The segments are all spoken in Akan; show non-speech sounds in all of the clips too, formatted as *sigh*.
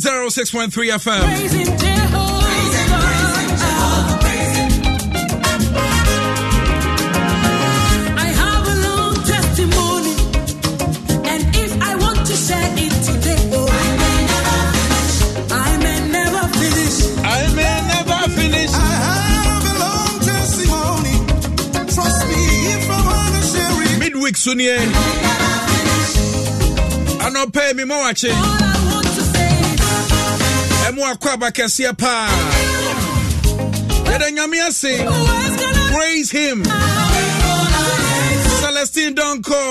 106.3 FM. I have a long testimony, and if I want to share it today, oh, I may never finish. I may never finish. I have a long testimony. Trust me if I want to share it. Midweek, Sunye. I don't pay me more, watching mu akɔ abakɛseɛ paa yɛda nyame ase praise him celestine donko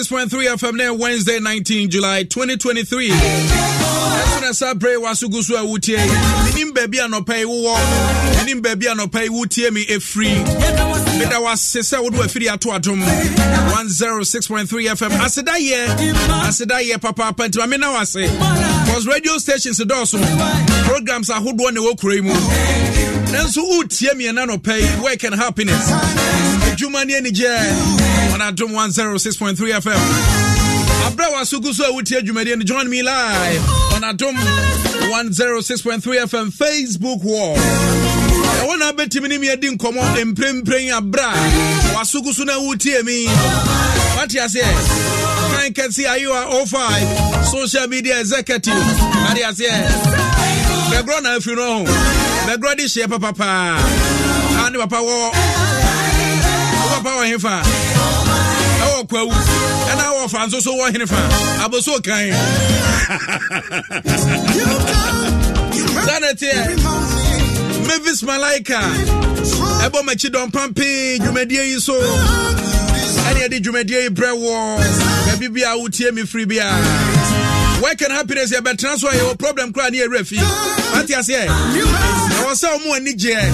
96.3 FM na Wednesday 19 July 2023. Ɛso na saa bere wa so gu so a wotie. Menim baabi anɔpa yi wowɔ. Menim baabi anɔpa yi wotie me ɛfiri. Meda wase sɛ wode wafiri ato adom. 106.3 FM. Aseda yɛ. Aseda yɛ papaapa nti ma me na wase. Cause radio stations dɔɔso. Programs ahodoɔ ne wɔ kuro yi mu. Nanso wotie me ɛna anɔpa yi. Work and happiness. Adwuma ne anigyeɛ adom 106.3 fm abrɛ wɔ asogu so a join me live on adom 106.3 fm facebook wall ɛwɔ na bɛtumi ne miadi nkɔmmɔ mprempren abrɛ a wɔasogu so no wotie mi wate aseɛ Frank Ketsi Ayiwa 05 social media executive ade aseɛ bɛgorɔ na afiri no ho bɛgorɔ de hyeɛ papapaa a papa wɔ wo papa wɔ hefa wɔ kwawu ɛna wɔfa nso so wɔ hene fa aboso kan sane teɛ mavis malaika ɛbɔ makyi dɔmpan pee dwumadie yi so ɛne dwumadie yi brɛ wɔ baabi bi wotie me firi bi work and happiness yɛbɛtena so a yɛwɔ problem koraa ne yɛwerɛ fi wate aseɛ ɛwɔ sɛ ɔmo ani gyeɛ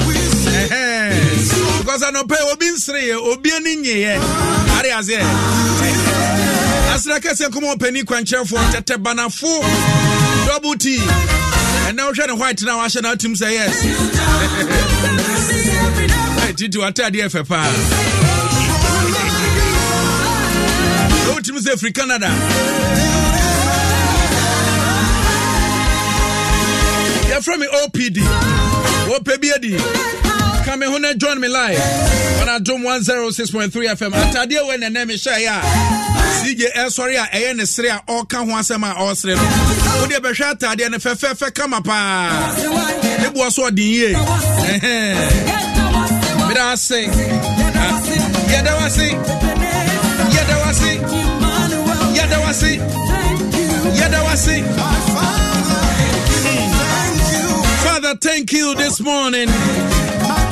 because anɔpɛ obi nsereɛ obi ani nyeɛ ɔdare aseɛ asena kɛsɛ nkɔma ɔpani kwankyerɛfoɔ tɛtɛ banafo double t ɛnɛ wohwɛ ne white na wahyɛ no atim sɛ yes titi *laughs* watadeɛ fɛ paa wotumi sɛ firi canada yɛfrɛ me opd wɔpɛ bi adi Come here and join me live on Adom 106.3 FM. Atadeɛ wɔ nɛnɛ me hyɛ yɛ a CJ ɛsɔre a ɛyɛ ne sere a ɔka ho asɛm a ɔsere no. Wodeɛ bɛhwɛ atadeɛ no fɛfɛɛfɛ kama paa. Ne boɔ so ɔden yie. Meda ase. Yɛda wase. Yɛda wase. Yɛda wase. Yɛda wase. thank you this morning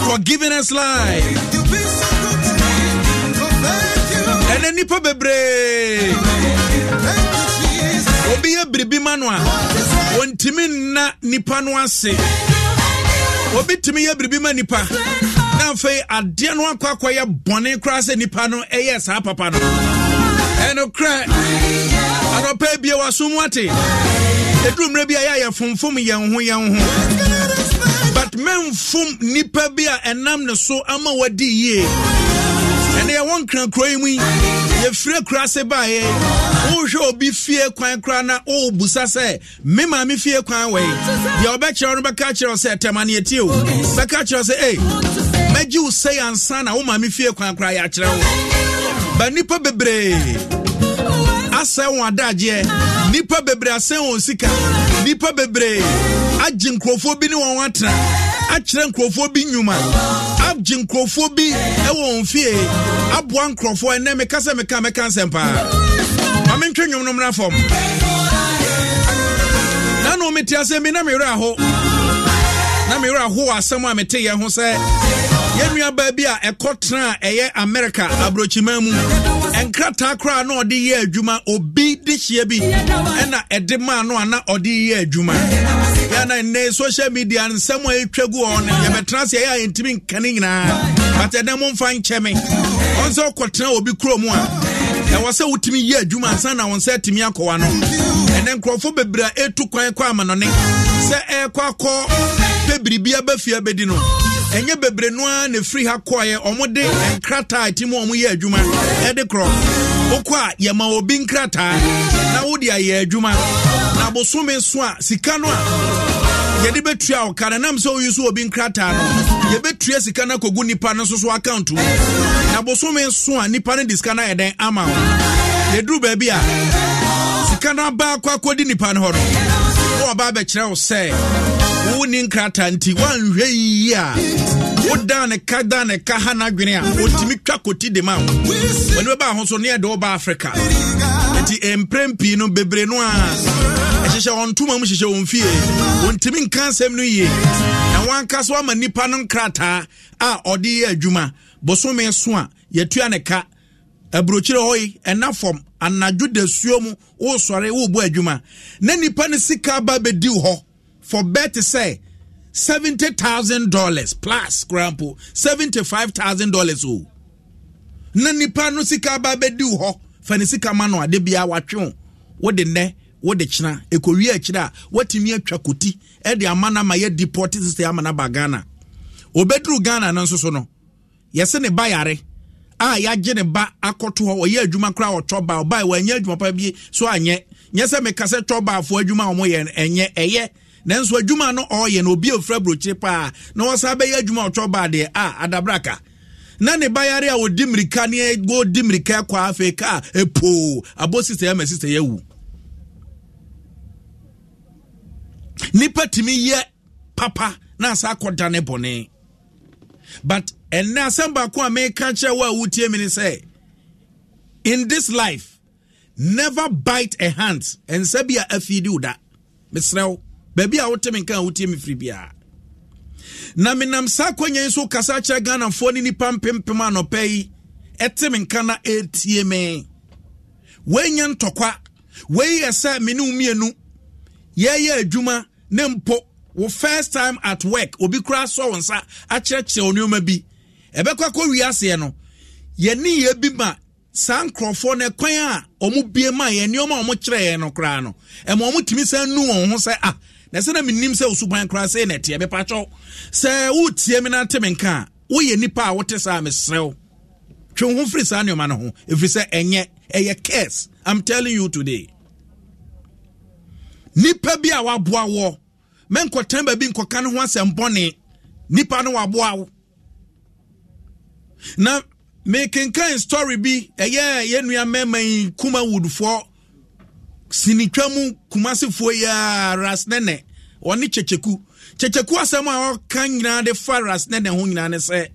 for giving us life. ɛnɛ nipa bebree obi yɛ biribi ma no a wɔntumi nna nipa no ase obi tumi yɛ biribi ma nipa na afei adeɛ no akɔ akɔyɛ bɔne koraa sɛ nipa no ɛyɛ saa papa no ɛnokorɛ adɔpɛ bia wasom ate ɛduru mmerɛ bi a yɛayɛ fomfom yɛn ho yɛn ho memfom nipa bi a ɛnam ne so ama wadi yie ɛne yɛwɔ nkrankuro yi mu yi yɛfiri kurase baeɛ wohwɛ obi fie kwan koraa na wobusa sɛ me maame fie kwan wɔ yi deɛ wɔbɛkyerɛ wo no bɛka kyerɛ wo sɛ tɛma ne yɛtie o bɛka kyerɛ sɛ ei mɛgye wo sɛi ansa na wo maame fie kwan koraa yɛakyerɛ wo ba nnipa bebree asɛe wɔn adagyeɛ nipa bebree asɛe wɔn sika nipa bebree agye nkurɔfoɔ bi ne wɔn atena akyerɛ nkurɔfoɔ bi nnwuma agye nkurɔfoɔ bi wɔ mfie aboa nkurɔfoɔ ɛnɛ meka sɛ meka meka nsɛm paa ma mentwe nnwom no mmra fam na na ɔmete asɛm bi na mewerɛ aho na mewerɛ aho wɔ asɛm a meteyɛ ho sɛ yɛn nuabaa bi a ɛkɔ tena a ɛyɛ amerika aburokyiman mu nkrataa koraa na ɔde yɛ adwuma obi de hyia bi ɛna ɛde maa no a na ɔde yɛ adwuma yɛna nnɛ social media nsɛm a ɛtwa gu ɔ no yɛbɛtena se ɛyɛ a yɛntimi nka ne nyinaa but ɛdɛ momfa nkyɛ me ɔn sɛ wokɔtena obi kuro mu a ɛwɔ sɛ wotumi yɛ adwuma ansa na wɔn sɛ atumi akɔwa no ɛnɛ nkurɔfoɔ bebree a ɛtu kwan kɔ amanɔne sɛ ɛrekɔ akɔ pɛ biribi abɛfie abɛdi no ɛnyɛ bebree no ara na ɛfiri ha kɔeɛ ɔmo de nkrataa ti mu ɔmo yɛ adwuma ɛde korɔ wokɔ a yɛma obi nkrataa na wode ayɛ adwuma na bosome so a sika no a yɛde bɛtua wo ka nam sɛ woyi so obi nkrataa no yɛbɛtua sika no akɔgu nnipa no nso account mu na bosome so a nnipa no de sika no ayɛ ama wo yɛduru baabi a sika no aba akɔ akɔdi nnipa no hɔ no na wɔba abɛkyerɛ wo sɛ wonni nkrataa nti woanhwɛ yiyi a wodaa ne ka da ne ka ha n'adwene a wɔtumi twa kɔti de ma wo wɔne bɛbaa ho so ne yɛde wo ba afrika nti mprɛn pii no bebree no a hyehyɛ wɔn ntoma mu hyehyɛ wɔn fie wɔntumi nka nsɛm no yie na wɔankasa ama nnipa no nkrataa a ɔde yɛ adwuma bosome so a yɛtua ne ka aburokyire hɔ yi ɛna fam anadwo dasuo mu wosɔre wobu adwuma na nipa no sika ba bɛdi hɔ for bet sɛ seventy thousand dollars plus korampo seventy five thousand dollars o na nipa no sika ba bɛdi hɔ fɛn sika ma no ade bia watwe o wode wode kyena ɛkɔwie akyirɛ a woatumi atwa koti ɛde ama no ama yɛdi pɔte sesɛ ama no aba ghana ɔbɛduru ghana no nso so no yɛse ne ba yare a yɛagye ne ba akɔto hɔ ɔyɛ adwuma koraa ɔtɔ ba ɔba wɔanyɛ adwuma pa bi so anyɛ nyɛ sɛ meka sɛ tɔ baafoɔ adwuma a ɔmɔyɛ ɛnyɛ ɛyɛ nanso adwuma no ɔyɛ no obi ofra burokyire paa na wɔsa bɛyɛ adwuma ɔtɔ baa deɛ a adabraka na ne bayare a ɔdi mmirika ne ɔdi mmirika kɔ afei ka a ɛpoo abɔ sisɛ ɛma sisɛ yɛwu nipa tumi yɛ papa na asa akɔda dane bɔne but ɛnɛ asɛm baako a meka kyerɛ wo a wotie me ne sɛ in this life never bite a hand ɛnsɛ bi a afiidi da mesrɛ baabi a wote me nka a wotie me firi na menam saa kwanya yi so kasa kyerɛ ghanafoɔ ne nipa mpempem anɔpɛ yi ɛte me nka na ɛtie me woanya ntɔkwa wei yɛ sɛ me ne wo mmienu yɛyɛ adwuma ne mpo wo first time at work obi koraa sɔ wo nsa akyerɛkyerɛ nneɛma bi ɛbɛkɔ akɔ wiaseɛ no yɛne yɛ bi ma saa nkurɔfoɔ no kwan a ɔmo bie ma yɛ nneɛma a ɔmo kyerɛ yɛ no koraa no ɛma ɔmo tumi sɛ nu wɔn ho sɛ ah na ɛsɛ na menim sɛ osuban koraa sɛ na ɛteɛ mepakyɛw sɛ wotie me nante me nka a woyɛ nipa a wote saa mesrɛ wo twe ho firi saa nneɛma no ho ɛfiri sɛ ɛnyɛ ɛyɛ curse i'm telling you today nipa bi a waboa wɔ menkɔtɛn baabi nkɔka ne ho asɛm bɔne nipa no waboa wo na mekenkan story bi ɛyɛ yɛn mɛma yi kuma woodfoɔ sinitwa mu kumasefoɔ yi a rasnɛnɛ ɔne kyekyeku kyekyeku asɛm a ɔka nyinaa de fa nene ho nyinaa ne sɛ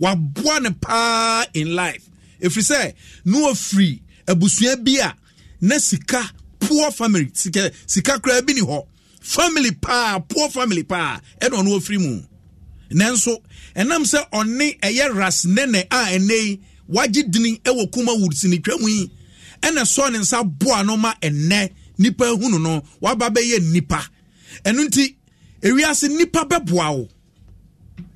waboa ne paa in life ɛfiri sɛ na wɔfiri abusua bi a na sika poor family sika sika koraa bi ni hɔ family paa poor family paa ɛna ɔno ɔfiri mu nanso ɛnam sɛ ɔne ɛyɛ ras nene a ɛnɛ yi wagye dini ɛwɔ kuma wuru sinitwa mu yi ɛna sɔ ne nsa boa no ma ɛnɛ nipa ehunu no waba bɛyɛ nipa ɛnu nti ewiase nipa bɛboa wo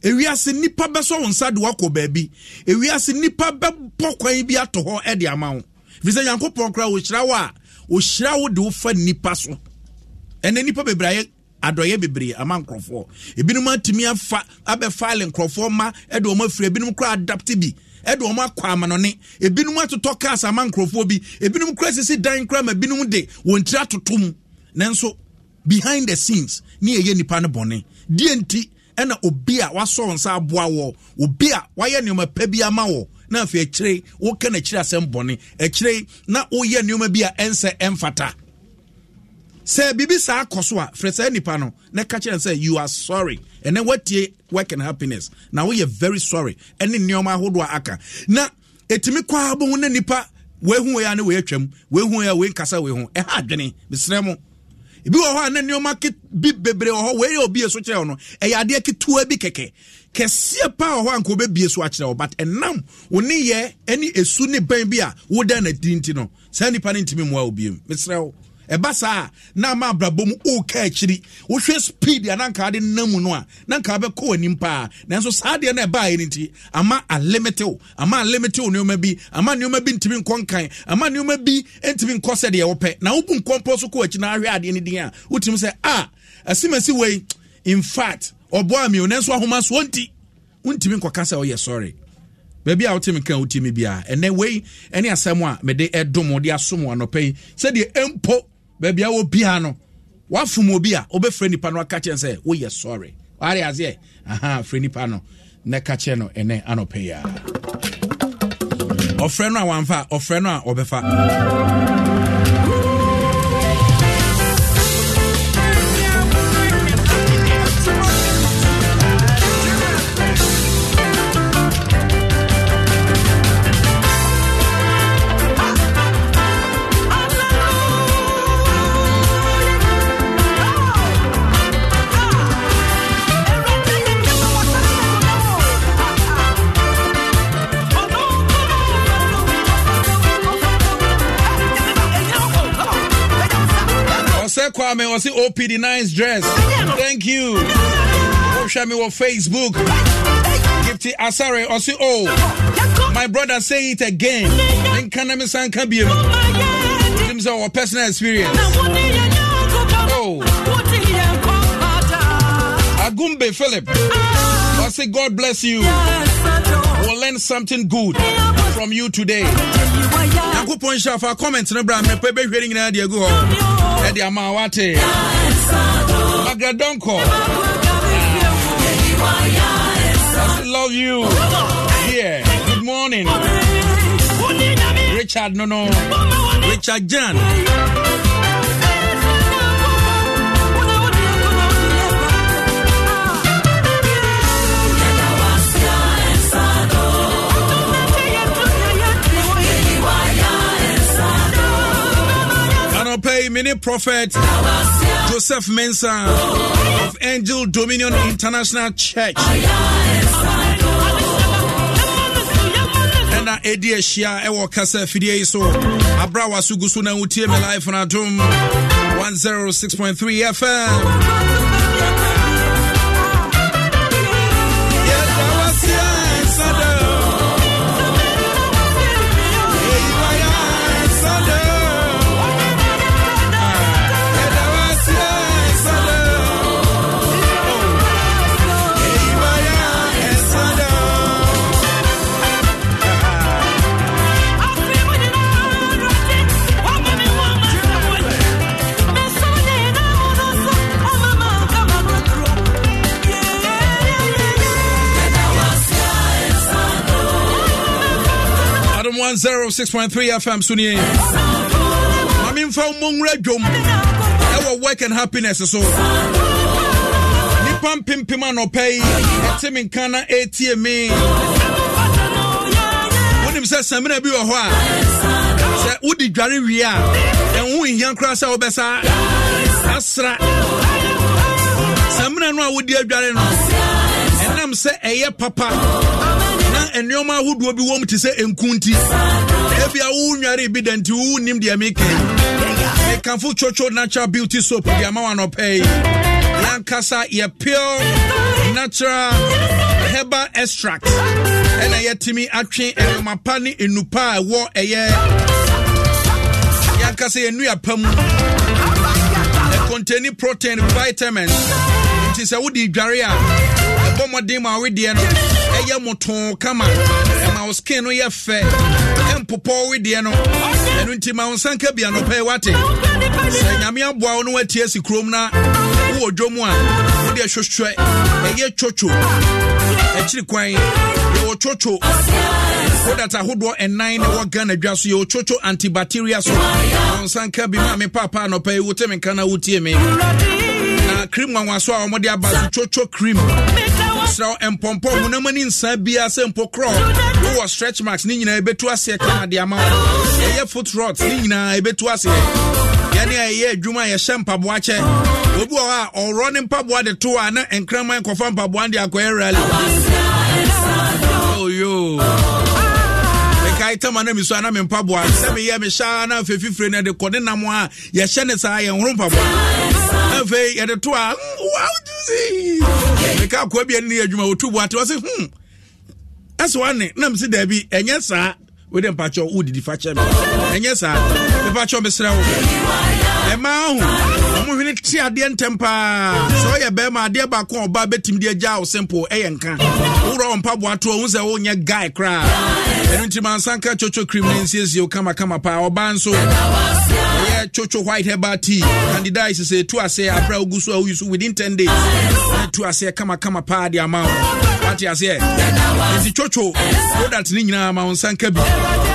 ewiase nipa bɛsɔ wɔn nsa de wakɔ baabi ewiase nipa bɛbɔ kwan bi ato hɔ ɛde ama wo fisɛ nyankopɔn koraa ohyira wo a ohyira wo de wofa nipa so ɛnɛ nnipa bebree ayɛ adɔyɛ bebree ama nkurɔfoɔ ebinom atumi afa abɛfaale nkurɔfoɔ ma ɛde wɔn afiri ebinom kora adapte bi ɛde wɔn akɔ amanɔne ebinom atotɔ cars ama nkurɔfoɔ bi ebinom kora sisi dan kora ma ebinom de wɔn tiri atoto mu nanso behind the scenes ne yɛyɛ nipa no bɔne deɛ nti ɛna obi a wasɔ nsa aboa wɔ obi a wayɛ nneɛma pɛ bi ama wɔ na afei akyire woka n'akyire asɛm bɔne akyire na woyɛ nneɛma bi a ɛnsɛ ɛmfata sɛ biribi saa kɔ so a frɛ saa nipa no na ka kyerɛ sɛ you are sorry and then watie work and happiness na woyɛ very sorry ɛne nneɛma ahodoɔ aka na ɛtumi kɔ abɔ ho na nipa wehu ya ne weatwam wehu ya we nkasa we ho ɛha adwene mesrɛ mo ebi wɔ hɔ a na nneɛma bi bebree wɔ hɔ wei yɛ obi so kyerɛ no ɛyɛ adeɛ ketewa bi kɛkɛ kɛseɛ paa wɔ hɔ a nka wobɛbie so akyerɛ wo but ɛnam wo ne yɛ ne ɛsu ne bɛn bi a woda na di nti no saa nnipa no ntumi mmoa wo biom mesrɛ wo ɛba saa na ama abrabɔ mu ɔɔka akyiri wohwɛ speed a na nka ade nam no a na nka bɛkɔ anim paa nanso saa deɛ no ɛbaeɛ no nti ama alimite wo ama alimite wo nneɔma bi ama nneɔma bi ntumi nkɔ nkan ama nneɔma bi ntumi nkɔ sɛdeɛ wopɛ na wobu nkɔmpɔ so kɔ akyi na ahwɛ adeɛ no din a wotumi sɛ a asimasi wei in fact ɔboa mi o nanso ahoma so nti wontumi nkɔka sɛ woyɛ sorry baabi a wotemi ka wotimi bia ɛnɛ wei ɛne asɛm a mede ɛdom de asom anɔpɛ yi sɛdeɛ ɛmpo baabi a wɔbi ha no wafom obi a wobɛfrɛ nipa no aka kyɛn sɛ woyɛ sɔre ware aseɛ aha frɛ nipa no na ka kyɛ no ɛnɛ anɔpɛ yi a ɔfrɛ no a wamfa ɔfrɛ no a ɔbɛfa fa me wɔse opd nice dress thank you wohwɛ me wɔ facebook gifty asare see o oh. my brother say it again menka na me sa nka biam tim sɛ wɔ personal experience oh. agumbe philip I say god bless you we'll learn something good from you today good point, fa comment no bra mmerɛpɛ bɛhwɛ ne nyinaa de agu hɔ ɛde ama wate I love you yeah good morning richard no no richard jan our mini prophet Joseph Mensah of Angel Dominion International Church. Uh, na ɛdi ahyia ɛwɔ kasa afidie so abra w'aso gu so na wotie me live no adom 106.3 fm 106.3 FM Sunye. Mami mfa umongra jom. Ewa work and happiness is so. Nipam mpimpima no pay. Ete minkana etie me. Wonim sɛ samina bi wɔ hɔ a. Sɛ wodi dware wie a. Ɛho nhia koraa sɛ wobɛsa asra. Samina no a wodi adware no. Ɛnam sɛ ɛyɛ papa. na nneɛma ahodoɔ bi wɔm te sɛ nku nti afia wo nware bi dɛ nti deɛ meke mekamfo chocho natural beauty soap de ama wanɔpɛ yi Yankasa yɛ pure natural herbal extract ɛna yɛtumi atwe ɛnoma pa ne nnupa a ɛwɔ ɛyɛ yɛankasa yɛnnua pa mu ɛkontani protein vitamins nti sɛ wode dware a ɛbɔ mmɔden ma awedeɛ no ɛyɛ motoo kama ma wo skin no yɛ fɛ ɛmpopɔ we deɛ no ɛno nti ma wo nsanka bi anɔpɛ wate sɛ nyame aboa wo no woatie si kurom na wowɔ dwo mu a wode hwehwɛ ɛyɛ twotwo akyiri kwan yɛwɔ twotwo product ahodoɔ ɛnan na ɛwɔ ghana dwa so yɛwɔ twotwo antibacteria so ma wo nsanka bi ma me paapa anɔpɛ yi wote me nka na wotie me na cream nwanwaso a wɔmode aba so twotwo cream srɛ mpɔmpɔ honamani nsa biaa sɛ mpo wowɔ stretch marks ne nyinaa ɛbɛtu aseɛ kama de ama wo ɛyɛ foot rot ne nyinaa ɛbɛtu aseɛ yɛne a ɛyɛ adwuma a yɛhyɛ mpaboa kyɛ obi wɔ hɔ a ɔworɔ ne mpaboa de to a na nkraman kɔfa mpaboa de akɔyɛ rally oyo kae tama na misu ana mempaboa sɛ meyɛ mehyɛ na afei fifire no de kɔ ne nam a yɛhyɛ ne saa yɛnhoro mpaboa afei yɛde to a hmm, meka akoa biane ne yɛ adwuma wɔtu boate wɔ se hmm ɛsɛ wane na mese daabi ɛnyɛ saa wode mpakyɛ wodidi fa kyɛ me ɛnyɛ saa mepakyɛ mesrɛ wo ɛma e ho ɔmohwene te adeɛ ntɛm paa sɛ woyɛ bɛrima adeɛ baako a ɔba bɛtumi de agya wo sempo ɛyɛ e nka worɔ wɔ mpaboa toɔ hu sɛ wonyɛ guy koraa ɛno e nti mansanka kyokyo krim ne nsiesie kama kama paa ɔbaa nso chocho white herbal tea candidize sɛ tu ase abrɛ wogu so a woyi so within ten days na tu aseɛ kama paa de ama wo wate aseɛ nti twotwo product ne nyinaa ma wo nsa nka bi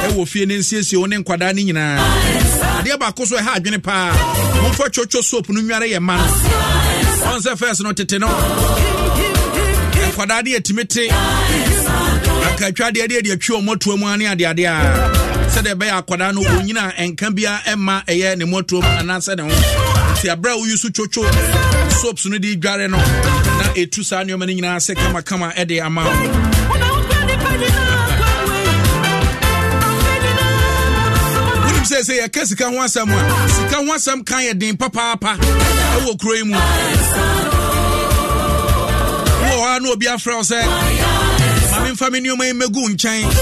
ɛwɔ fie ne nsiesie wo ne nkwadaa ne nyinaa adeɛ baako so ɛha adwene paa momfa twotwo soap no nware yɛ ma no ɔn sɛ fɛs no tete no nkwadaa ne yɛtumi te akatwa deɛ deɛ deɛ twi ɔmmɔtoa mu a ne adeade a sɛdeɛ ɛbɛyɛ akwadaa no ɔnyina a ɛnka biara ɛmma ɛyɛ ne mmɔtoa mu anaasɛ ne ho nti aberɛ a woyi so twotwo soaps no de dware no na etu saa nneɔma no nyinaa sɛ kamakama ɛde ama wo sɛ yɛka sika ho asɛm a sika ho asɛm ka yɛ den papaapa ɛwɔ kuro yi mu wowɔ hɔ a na obi afrɛ wo sɛ ma me nneɔma yi mɛgu nkyɛn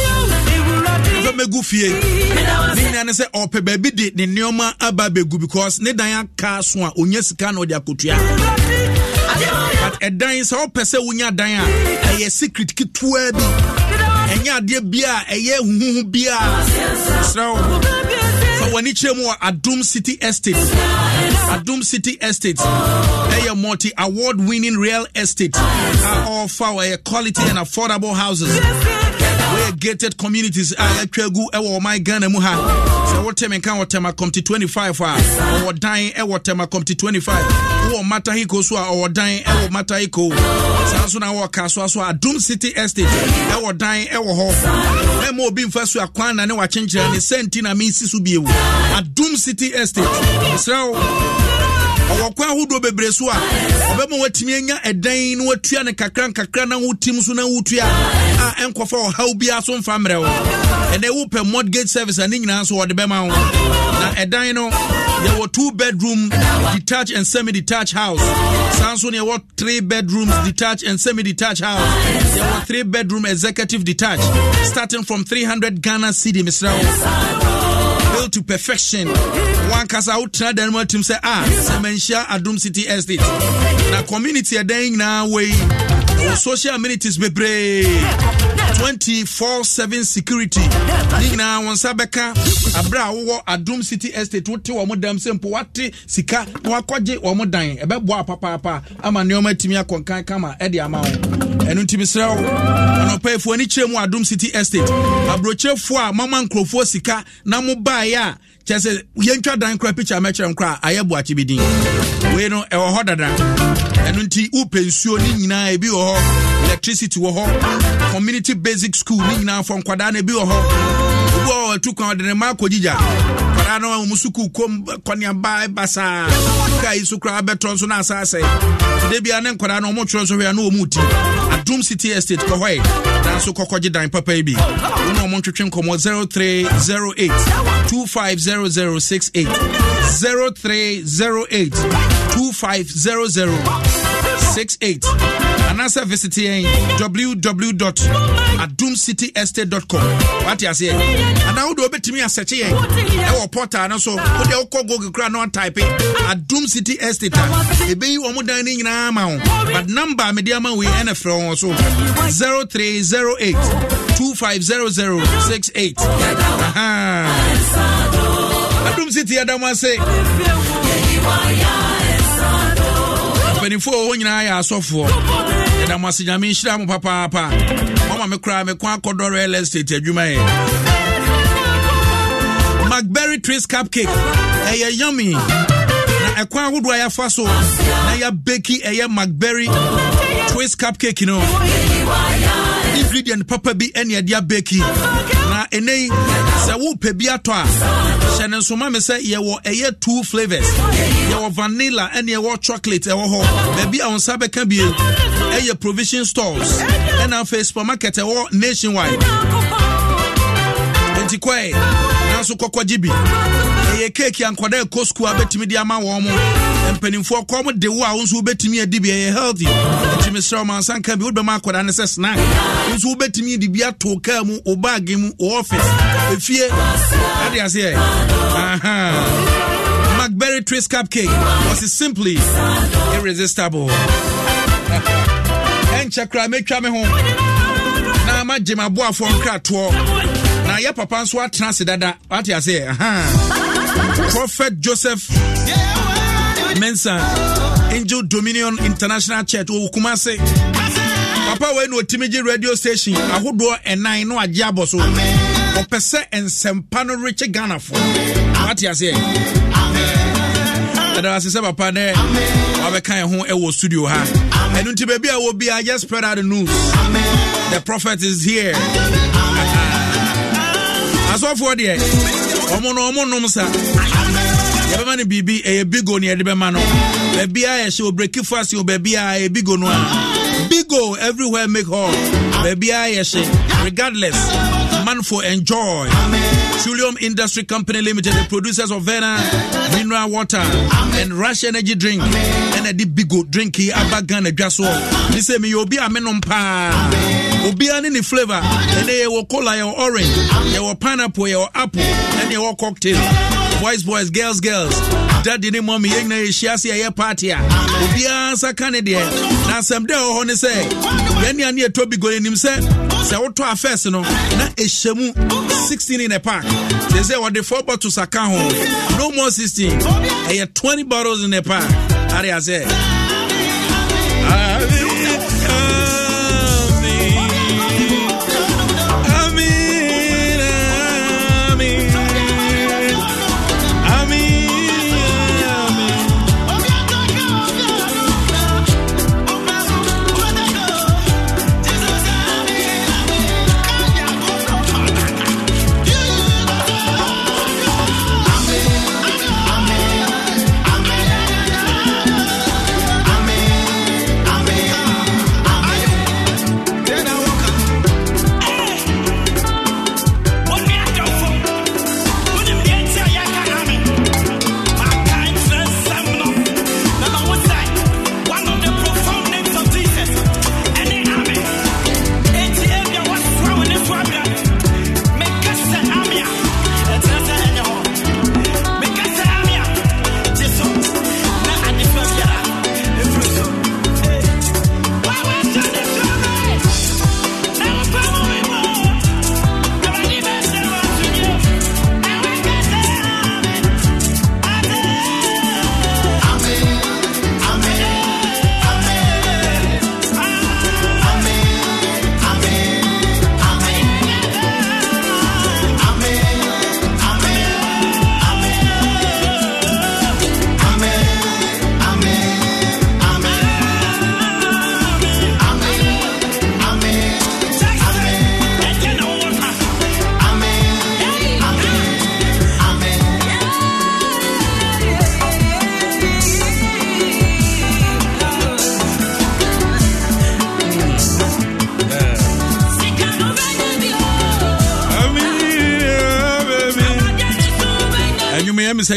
memfa mɛgu fie ne nyina ne sɛ ɔpɛ baabi de ne nneɔma aba bɛgu because ne dan aka so a ɔnya sika na ɔde akotua but ɛdan sɛ wopɛ sɛ wonya dan a ɛyɛ secret ketewaa bi ɛnyɛ adeɛ bi a ɛyɛ huhuhu bi a serɛ na w'ani kyerɛ mu wɔ adom city estate adom city estate a multi award winning real estate a ɔfa wɔ quality and affordable houses segregated communities a ah, yɛatwa agu wɔ ɔman ghana mu ha sɛ woteme nka wɔ to 25 a ɔwɔ dan wɔ temacomte 25 wowɔ matahiko so a ah, ɔwɔ dan wɔ matahiko saa i na wɔwɔ kasoa so a adom city estate ɛwɔ dan wɔ hɔ am going obi mfa so akwana ne wakyenkyerɛ ne sɛ nti na mensi so bio adom city estate mesrɛ ɔwɔ kwan ahodoɔ bebree so a ɔbɛma watumi anya ɛdan na watua ne kakra nkakra na wotim so na wotua a ɛnkɔfa ɔhaw biara so mfa mmerɛ wo ɛnɛ wopɛ mortgage service a ne nyinaa so wɔde bɛma wo na ɛdan no yɛwɔ two bedroom detached and semi detached house saa nso ne yɛwɔ three bedrooms detached and semi detached house yɛwɔ three bedroom executive detached starting from 300 ghana cedi mesrɛ wo to perfection one casa dan mu atum sɛ ah sɛ manhyia Adum city estate na community ɛdan nyinaa way. wo social amenities bebree 24/7 security ne nyinaa wɔn nsa bɛka aberɛ a wowɔ adom city estate wote wɔ mo dam sɛ mpo wate sika na wakɔgye wɔ mo dan ɛbɛboa papaapa ama nneɔma atumi akɔnkan kama ɛde ama wo ɛno nti mesrɛ wo anɔpɛifoɔ ani kyerɛ mu adom city estate aborɔkyerɛfoɔ a mama nkurɔfoɔ sika na mobaeɛ a kyerɛ sɛ yɛntwa dan kora pikya mɛkyerɛ nkora a ayɛ boakye bi din wei no ɛwɔ hɔ dada ɛno nti wopɛ nsuo ne nyinaa ebi wɔ hɔ electricity wɔ hɔ community basic school ne nyinaa fɔ nkwadaa no ebi wɔ hɔ wɔ ɛtu kwan ɔde ne mma akɔgyigya kɔdaa no no ɔmotwerɛ so hwɛ city estate kɔ hɔ yi nanso kɔkɔgye dan papa yi bi wɔn a wɔn twetwe nkɔmɔ zero three zero eight two five zero zero six eight zero three zero eight two five zero zero. 68 anaasɛ visit yɛn www adumcityestate.com wate aseɛ anaa wode wobɛtumi asɛkye yɛn ɛwɔ portal no so wode wokɔ google kora na ɔtype adum city estate a ɛbɛyi wɔ mo dan no nyinaa ma wo but number a mede ama wei ɛne frɛ wɔn so 0308 250068 adum city ɛda mpanimfoɔ ɔwɔ nyinaa yɛ asɔfoɔ ɛda mo ase nyame nhyira mo papaapa mama me koraa meko akɔdɔ real estate adwumayɛ macberry tris cupcake ɛyɛ yummy na ɛkwan ahodoɔ a yɛafa so na yɛabeki ɛyɛ macberry twist cupcake no ingredient papa bi ɛne ɛde abeki na ɛnɛ sɛ wopɛ bi atɔ a hyɛ ne nsoma me sɛ yɛwɔ ɛyɛ two flavors yɛwɔ vanilla ɛne ɛwɔ chocolate ɛwɔ hɔ baabi a wo nsa bɛka bie ɛyɛ provision stores ɛna afei supermarket ɛwɔ nationwide nti kɔe nanso kɔkɔgye bi ɛyɛ keeki a ɛkɔ skuul a de ama wɔn mo mpanimfoɔ kɔn mo de wo a nso wobɛtumi adi bi ɛyɛ healthy nti mesrɛ ɔma nsa nka bi wode bɛma akɔda no sɛ snack nso wobɛtumi de bi ato kaa mu wo baage mu wo ɔfice ɛfie ade aseɛ macberry twist cupcake wɔse simply irresistible *laughs* ɛnkyɛ koraa mɛtwa me ho na magye maboafoɔ nkratoɔ yɛ papa nso atena ase dada wate ase prophet joseph mensa angel dominion international church wɔ wokuma se papa wei na ɔtumi gye radio station ahodoɔ ɛnan no agye abɔ so ɔpɛ sɛ nsɛmpa no rekye ghanafoɔ wate aseɛ ɛdara ase sɛ papa dɛ wabɛka ɛ ho ɛwɔ studio ha ɛno nti baabi a wɔ biara just spread out the news the prophet is here asɔfoɔ deɛ ɔmo no ɔmo nom sa yɛbɛma no biribi ɛyɛ bigo ne yɛde bɛma no baabia yɛhyɛ obreki fast o baabia ɛyɛ bigo no a bigo everywhere make hall baabia yɛhyɛ regardless Amanfo Enjoy, Amen. Chulium Industry Company Limited, the producers of Vena mineral water Amen. and Rush Energy Drink, Amen. and a deep big good drink here eh, about Ghana Jasso. They say me obi amenom pa. Obi ani ni flavor, and they will cola or orange, they were pineapple or apple, and they were cocktail. Boys, boys, girls, girls. da de ne mmɔm yɛn nyinaa yɛhyia se ɛyɛ party a obiara nsa ka ne deɛ na asɛm dɛ ɛwɔ hɔ ne sɛ yɛnea ne yɛtɔ bigo anim sɛ sɛ wotɔ afɛs no na ɛhyɛ mu 16 in a park. they say wɔde 4 bottles aka ho no more 16 ɛyɛ 20 bottles in a pack adeɛ sɛ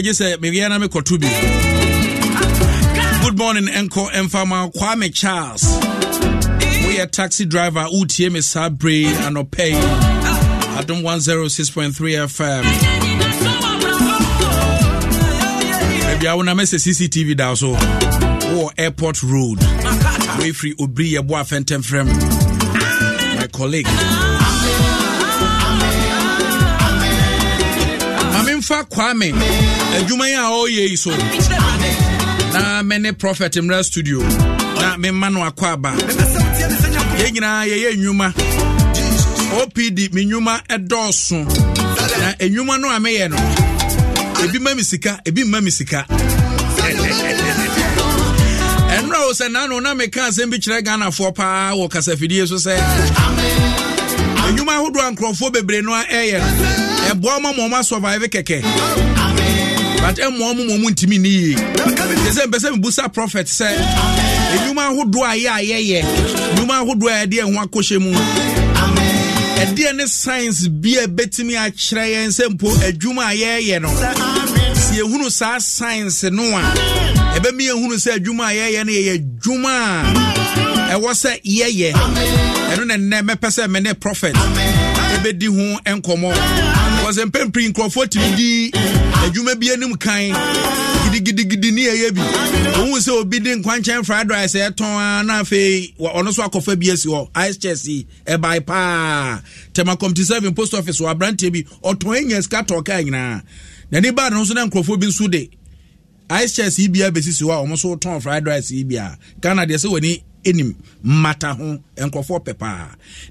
megye sɛ mewiɛ na mekɔto bi good morning ɛnkɔ ɛmfama kwame charles woyɛ taxi driver wotie me saa don't adom 106.3 fm baabia wo na mɛsɛ cctv da so wowɔ airport road wei firi obiri yɛboa fɛntɛmfrɛ m my colleague kwame adwuma yi a ɔreyɛ yi so na ne prɔfɛt mmerɛ studio na memma no akɔ aba yɛn nyinaa yɛyɛ nnwuma opd me nnwuma ɛdɔɔso na nnwuma no a meyɛ no ebi ma me sika ebi mma me sika ɛnora o sɛ nano na meka asɛm bi kyerɛ ghanafoɔ paa wɔ kasafidie so sɛ nnwuma ahodoɔ a nkurɔfoɔ bebree no a ɛyɛ no ɛboa ma ma ɔma survive kɛkɛ but ɛmmoa mu ma ɔmu ntimi ne yie te sɛ mpɛ sɛ mebusa prophet sɛ nnwuma ahodoɔ a yɛ a yɛyɛ nnwuma ahodoɔ a yɛde ɛho akɔhyɛ mu ɛdeɛ ne science bi a ɛbɛtumi akyerɛ yɛn sɛ mpo adwuma a yɛyɛ no sɛ yɛhunu saa science no a ɛbɛmi yɛhunu sɛ adwuma a yɛyɛ no yɛyɛ adwuma a ɛwɔ sɛ yɛyɛ ɛno ne nnɛ mɛpɛ sɛ me ne prophet ɛbɛdi ho nkɔmmɔ because mpɛmpiri nkurɔfoɔ tumi di adwuma bi anim kan gidigidigidi ne yɛyɛ bi ohun sɛ obi de nkwankyɛn fried rice ɛtɔn a na afei ɔno so akɔfa bi asi hɔ ice chest ɛbae paa tɛma committee seven post office wɔ aberanteɛ bi ɔtɔn enya sika tɔɔ kaa nyinaa n'ani baa no nso na nkurɔfoɔ bi nso de ice chest yi bi abɛsisi hɔ a wɔn nso tɔn fried rice yi bi a ghana deɛ sɛ wɔn ani ɛnim mmata ho nkurɔfoɔ pɛ paa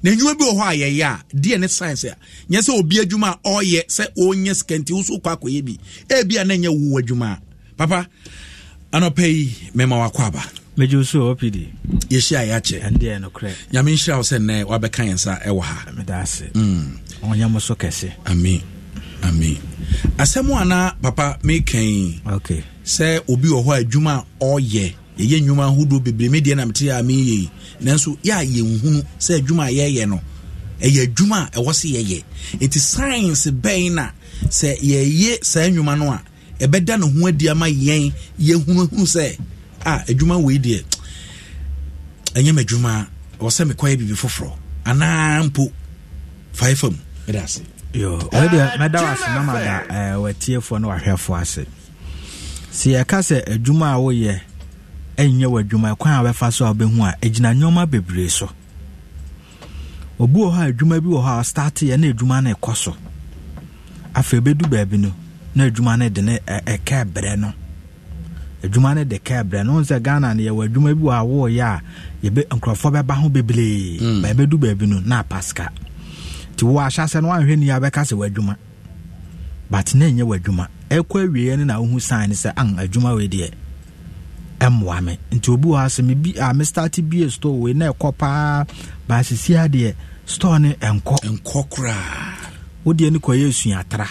na adwuma bi wɔ hɔ a yɛyɛ a deɛ ne science a nyɛ sɛ obi adwuma a ɔyɛ sɛ ɔnyɛ sikanti wo so kɔ akɔyɛ e bi ebi a na nyɛ wo adwuma a papa anɔpɛ yi mɛma wakɔ aba mɛgye so ɔpd yɛhyia yɛakyɛ ɛndeɛ nokorɛ nyame nhyira wo sɛ nnɛ woabɛka yɛn sa ɛwɔ e ha medase ɔnyɛ mm. mo so kɛse papa meka okay. sɛ obi wɔ hɔ adwuma yɛyɛ nnwuma ahodoɔ bebree me na mete a meyɛi nanso yɛ a yɛnhunu sɛ adwuma a yɛyɛ no ɛyɛ adwuma a ɛwɔ se yɛyɛ nti science bɛn na sɛ yɛyɛ saa nnwuma no a ɛbɛda ne ho adi ama yɛn yɛhunuhunu sɛ a adwuma wei deɛ ɛnyɛ ma adwuma ɛwɔ sɛ mekɔyɛ biribi foforɔ anaa mpo fae fam mede ase deɛ mɛda wase na mada watiefoɔ ne wahwɛfoɔ ase sɛ yɛka sɛ adwuma a woyɛ ɛnyɛ adwuma kwan a wɔbɛfa so a wɔbɛhu a ɛgyina nneɛma bebree so obi wɔ hɔ a adwuma bi wɔ hɔ a ɔstarte yɛ na adwuma no ɛkɔ so afei bɛdu baabi no na adwuma no de ne ɛka brɛ no adwuma no de ka brɛ no sɛ ghana no yɛwɔ adwuma bi wɔ a wɔɔyɛ a yɛbɛ nkurɔfoɔ bɛba ho bebree mm. ba ɛbɛdu baabi no na apaska nti wɔ ahyɛ sɛ no wahwɛ ni a bɛka sɛ w'adwuma but na ɛnyɛ adwuma ɛkɔ awieɛ no na wohu sign sɛ an adwuma wei deɛ mmoa me nti obi wɔ asɛm bi a mestarte bie store wei na ɛkɔ paa baasisi adeɛ store no nkɔ nkɔ koraa wodeɛ no kɔyɛ suatra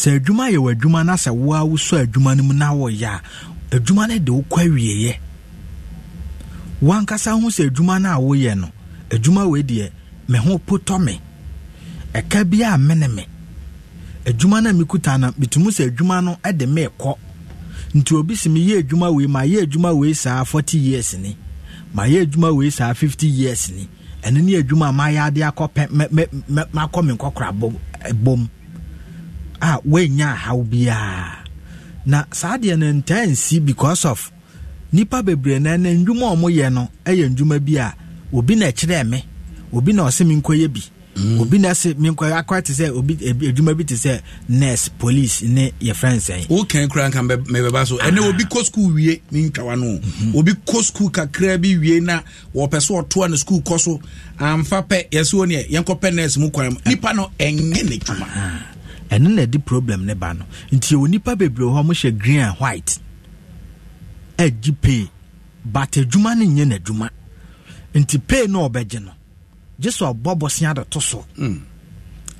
sɛ adwuma yɛ wɔ adwuma na sɛ woa wosɔ adwuma no mu na wɔyɛ a adwuma no de wokɔ awieeɛ wankasa ho sɛ adwuma no a woyɛ no adwuma wei deɛ me ho potɔ me ɛka bi a mene me adwuma no a mekuta no metumi sɛ adwuma no de meekɔ nti obi si mi yɛ adwuma wei ma yɛ adwuma wei saa forty years ni ma yɛ adwuma wei saa fifty years ni ɛno ne adwuma a mayɛ ade akɔ pɛ mɛ mɛ mɛ makɔ me nkɔkora bom ɛbom eh, a wɔanya ahaw biara na saa deɛ no ntaa nsi because of nipa bebree na na ndwuma a wɔyɛ no yɛ ndwuma bi a obi na ɛkyerɛ me obi na ɔsi me nkɔyɛ bi Mm. obi na se mi nkɔ akɔ te sɛ obi e, edwuma bi te sɛ nurse police ne yɛ friend sɛn. o kɛn kura nka mɛ bɛ ba so ɛnɛ ah. obi kɔ sukuu wie ni ntwawa no mm-hmm. obi kɔ sukuu kakra bi wie na wɔpɛ so ɔtoa ne sukuu kɔ so anfa pɛ yɛsi wɔn yɛ yɛn kɔ pɛ nurse mu kwan mu nipa no ɛnyɛ ne dwuma. ɛno ah, ah. na ɛdi problem ne ba no nti o nipa bebree hɔ mo hyɛ green and white ɛgyi pay but adwuma no nyɛ n'adwuma nti pay no ɔbɛgye no gye so abɔ bɔsea de so mm.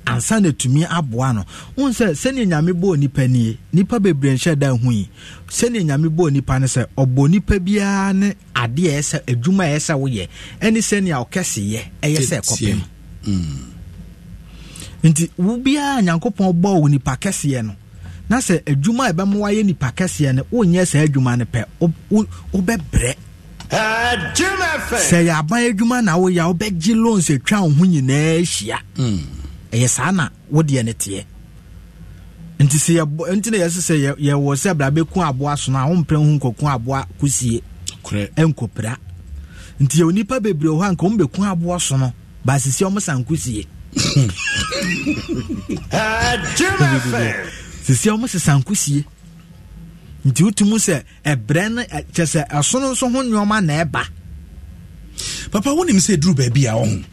ansa na atumi aboa no wohu sɛ sɛnea nyame bɔɔ nnipa nie nnipa bebree nhyɛ da ho yi sɛnea nyame bɔɔ nnipa no sɛ ɔbɔ nnipa biara ne adeɛ ɛyɛ sɛ adwuma ɛyɛ sɛ woyɛ ɛne sɛnea ɔkɛseyɛ ɛyɛ sɛ ɛkɔpem mm. nti wo biara nyankopɔn bɔɔ wo nipa kɛseɛ no na sɛ adwuma a ɛbɛma wayɛ nipa kɛseɛ no wonyɛ saa adwuma no pɛ wobɛbrɛ sɛ yɛ aban adwuma na woyɛ a wobɛgye loans atwa wo ho nyinaa hyia mm. ɛyɛ saa na wodeɛ no teɛ nti sɛ nti na yɛse sɛ yɛwɔ sɛ bra bɛku aboa so no a wompɛ ho nkɔku aboa kosie ɛnkɔpira nti yɛwɔ nnipa bebree hɔ a nka wombɛku aboa so no baasisi ɔmo sa nkosie sisi *laughs* *laughs* ɔmo sesa nkosie nti wotumi sɛ ɛbrɛ no kyɛ sɛ ɛsono nso ho nneɔma na ɛba papa wonim sɛ ɛduru baabi a ɔho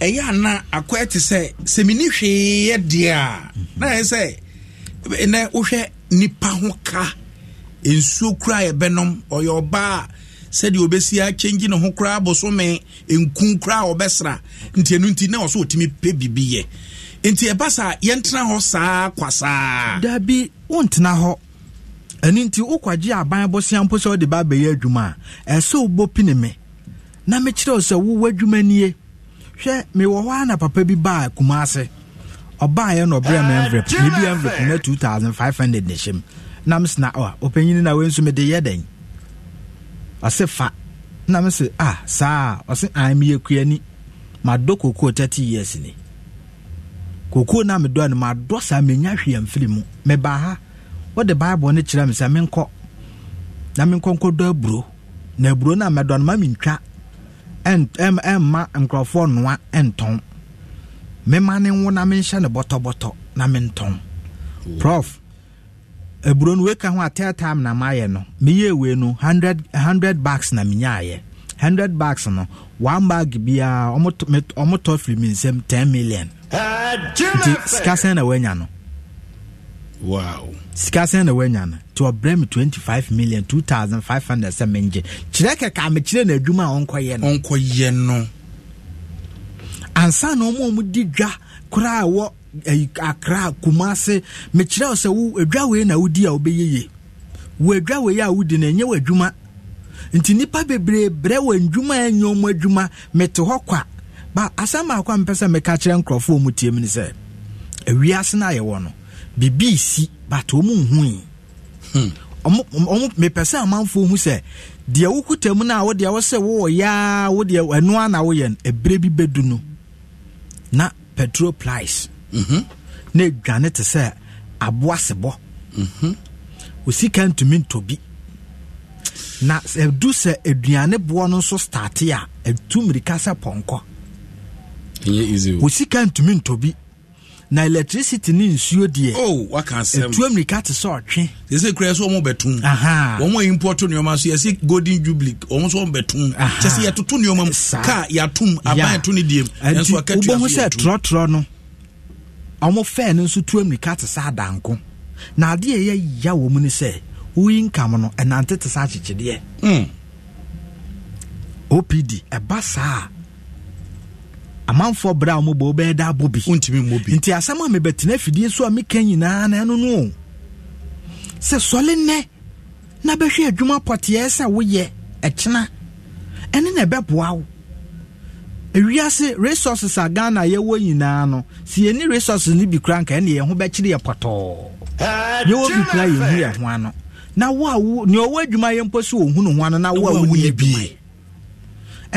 ɛyɛ ana akɔɛ te sɛ sɛ menni hweeɛ deɛ a na ɛyɛ sɛ nɛ wohwɛ nnipa ho ka nsuo kura a yɛbɛnom ɔyɛ ɔbaa a sɛdeɛ obɛsi akyɛngyi ne ho koraa bosome nku koraa a ɔbɛsra nti ɛno nti na ɔso ɔtumi pɛ biribi yɛ nti ɛba saa yɛntena hɔ saa kwasaa dabi wontena hɔ ɛno nti wokɔgye aban bosea mpo sɛ ba bɛyɛ adwuma a ɛsɛ wobɔ pine na mekyerɛ wo sɛ wowɔ adwuma nie hwɛ mewɔ hɔ a na papa bi baa kuma ase ɔbaeɛ na ɔbrɛ me envelope ne bi envelope na 2500 ne hyɛm na mesena ɔ ɔpanyini na wei mede yɛ dɛn ɔse fa na me se ah saa ɔse an meyɛ kuani madɔ kokuo 30 years ni kokuo na medɔ no madɔ saa menya hwee amfiri mu mebaa ha wɔde bible no kyerɛ me sɛ menkɔ na menkɔ nkɔdɔ aburo na aburo no a mɛdɔ no ma mentwa ɛmma nkurɔfoɔ nnoa ntɔn mema ne nwo na menhyɛ no bɔtɔbɔtɔ na mentɔn mm. prof aburo no weka ho a time na maayɛ no meyɛ wei no 100 100 bags na menyaayɛ 100 bags no one bag biara ɔmotɔ firi me nsɛm 10 million nti sika sɛn na wanya no wow sika sɛn na wanya no nti ɔbrɛ me 25 million 2500 sɛ mengye kyerɛ kɛka mekyerɛ no adwuma a ɔnkɔyɛ no ɔnkɔyɛ no ansa na ɔma ɔmu di dwa koraa wɔ eh, akra kumase mekyerɛ wo sɛ wo adwa wei na wodi a wobɛyɛ ye wo adwa wei a wodi no ɛnyɛ w'adwuma nti nnipa bebree brɛ wɔ ndwuma a ɛnyɛ ɔmu adwuma mete hɔ kwa ba asɛm baako a mpɛ sɛ meka kyerɛ nkurɔfoɔ mu tie mu ne sɛ awiase no ayɛwɔ no Bibi si but wɔn mu hui ɔmo hmm. mepɛ sɛ amanfoɔ hu sɛ deɛ wokuta mu no a wodeɛ wɔsɛ wowɔ yaa wodeɛ ɛnoa na woyɛ no ɛberɛ bi bɛdu no na petrol price mhm. na ɛdwane te sɛ aboa sebɔ mhm. osika ntumi ntɔ bi na ɛdu sɛ aduane boɔ no nso starte a ɛtu mmirika sɛ pɔnkɔ osika ntumi ntɔ bi na electricity ne nsuo deɛ ɛtua oh, mmirika te sɛ ɔtwe ɛsɛ kura sɛ ɔmo bɛtom wɔn a importo nneɛma so yɛsɛ golden jubilee ɔmo nso bɛtom kyɛ sɛ yɛtoto nneɛma mu kaa yɛatom aban ɛto ne deɛ ɛnso akatua so yɛtom wobɛhu sɛ trɔtrɔ no ɔmo fɛn no nso tua mmirika te sɛ adanko na adeɛ yɛ ya wɔ mu ne sɛ woyi nkam no ɛnante te sɛ akyekyedeɛ hmm. opd ɛba saa amanfoɔ berɛ a wɔmobɔ wobɛyɛ da abɔ bi wontumi mmɔ bi nti asɛm a mebɛtena afidie so a meka nyinaa na ɛno no sɛ sɔle nnɛ na bɛhwɛ adwuma pɔteɛ sɛ woyɛ ɛkyena ɛne na ɛbɛboa wo ewiase resources a ghana yɛwɔ nyinaa no sɛ yɛni resources no bi kora yɛ pɔtɔɔ yɛwɔ bi kora ho ano na wo a wo nea adwuma mpo so no ho ano na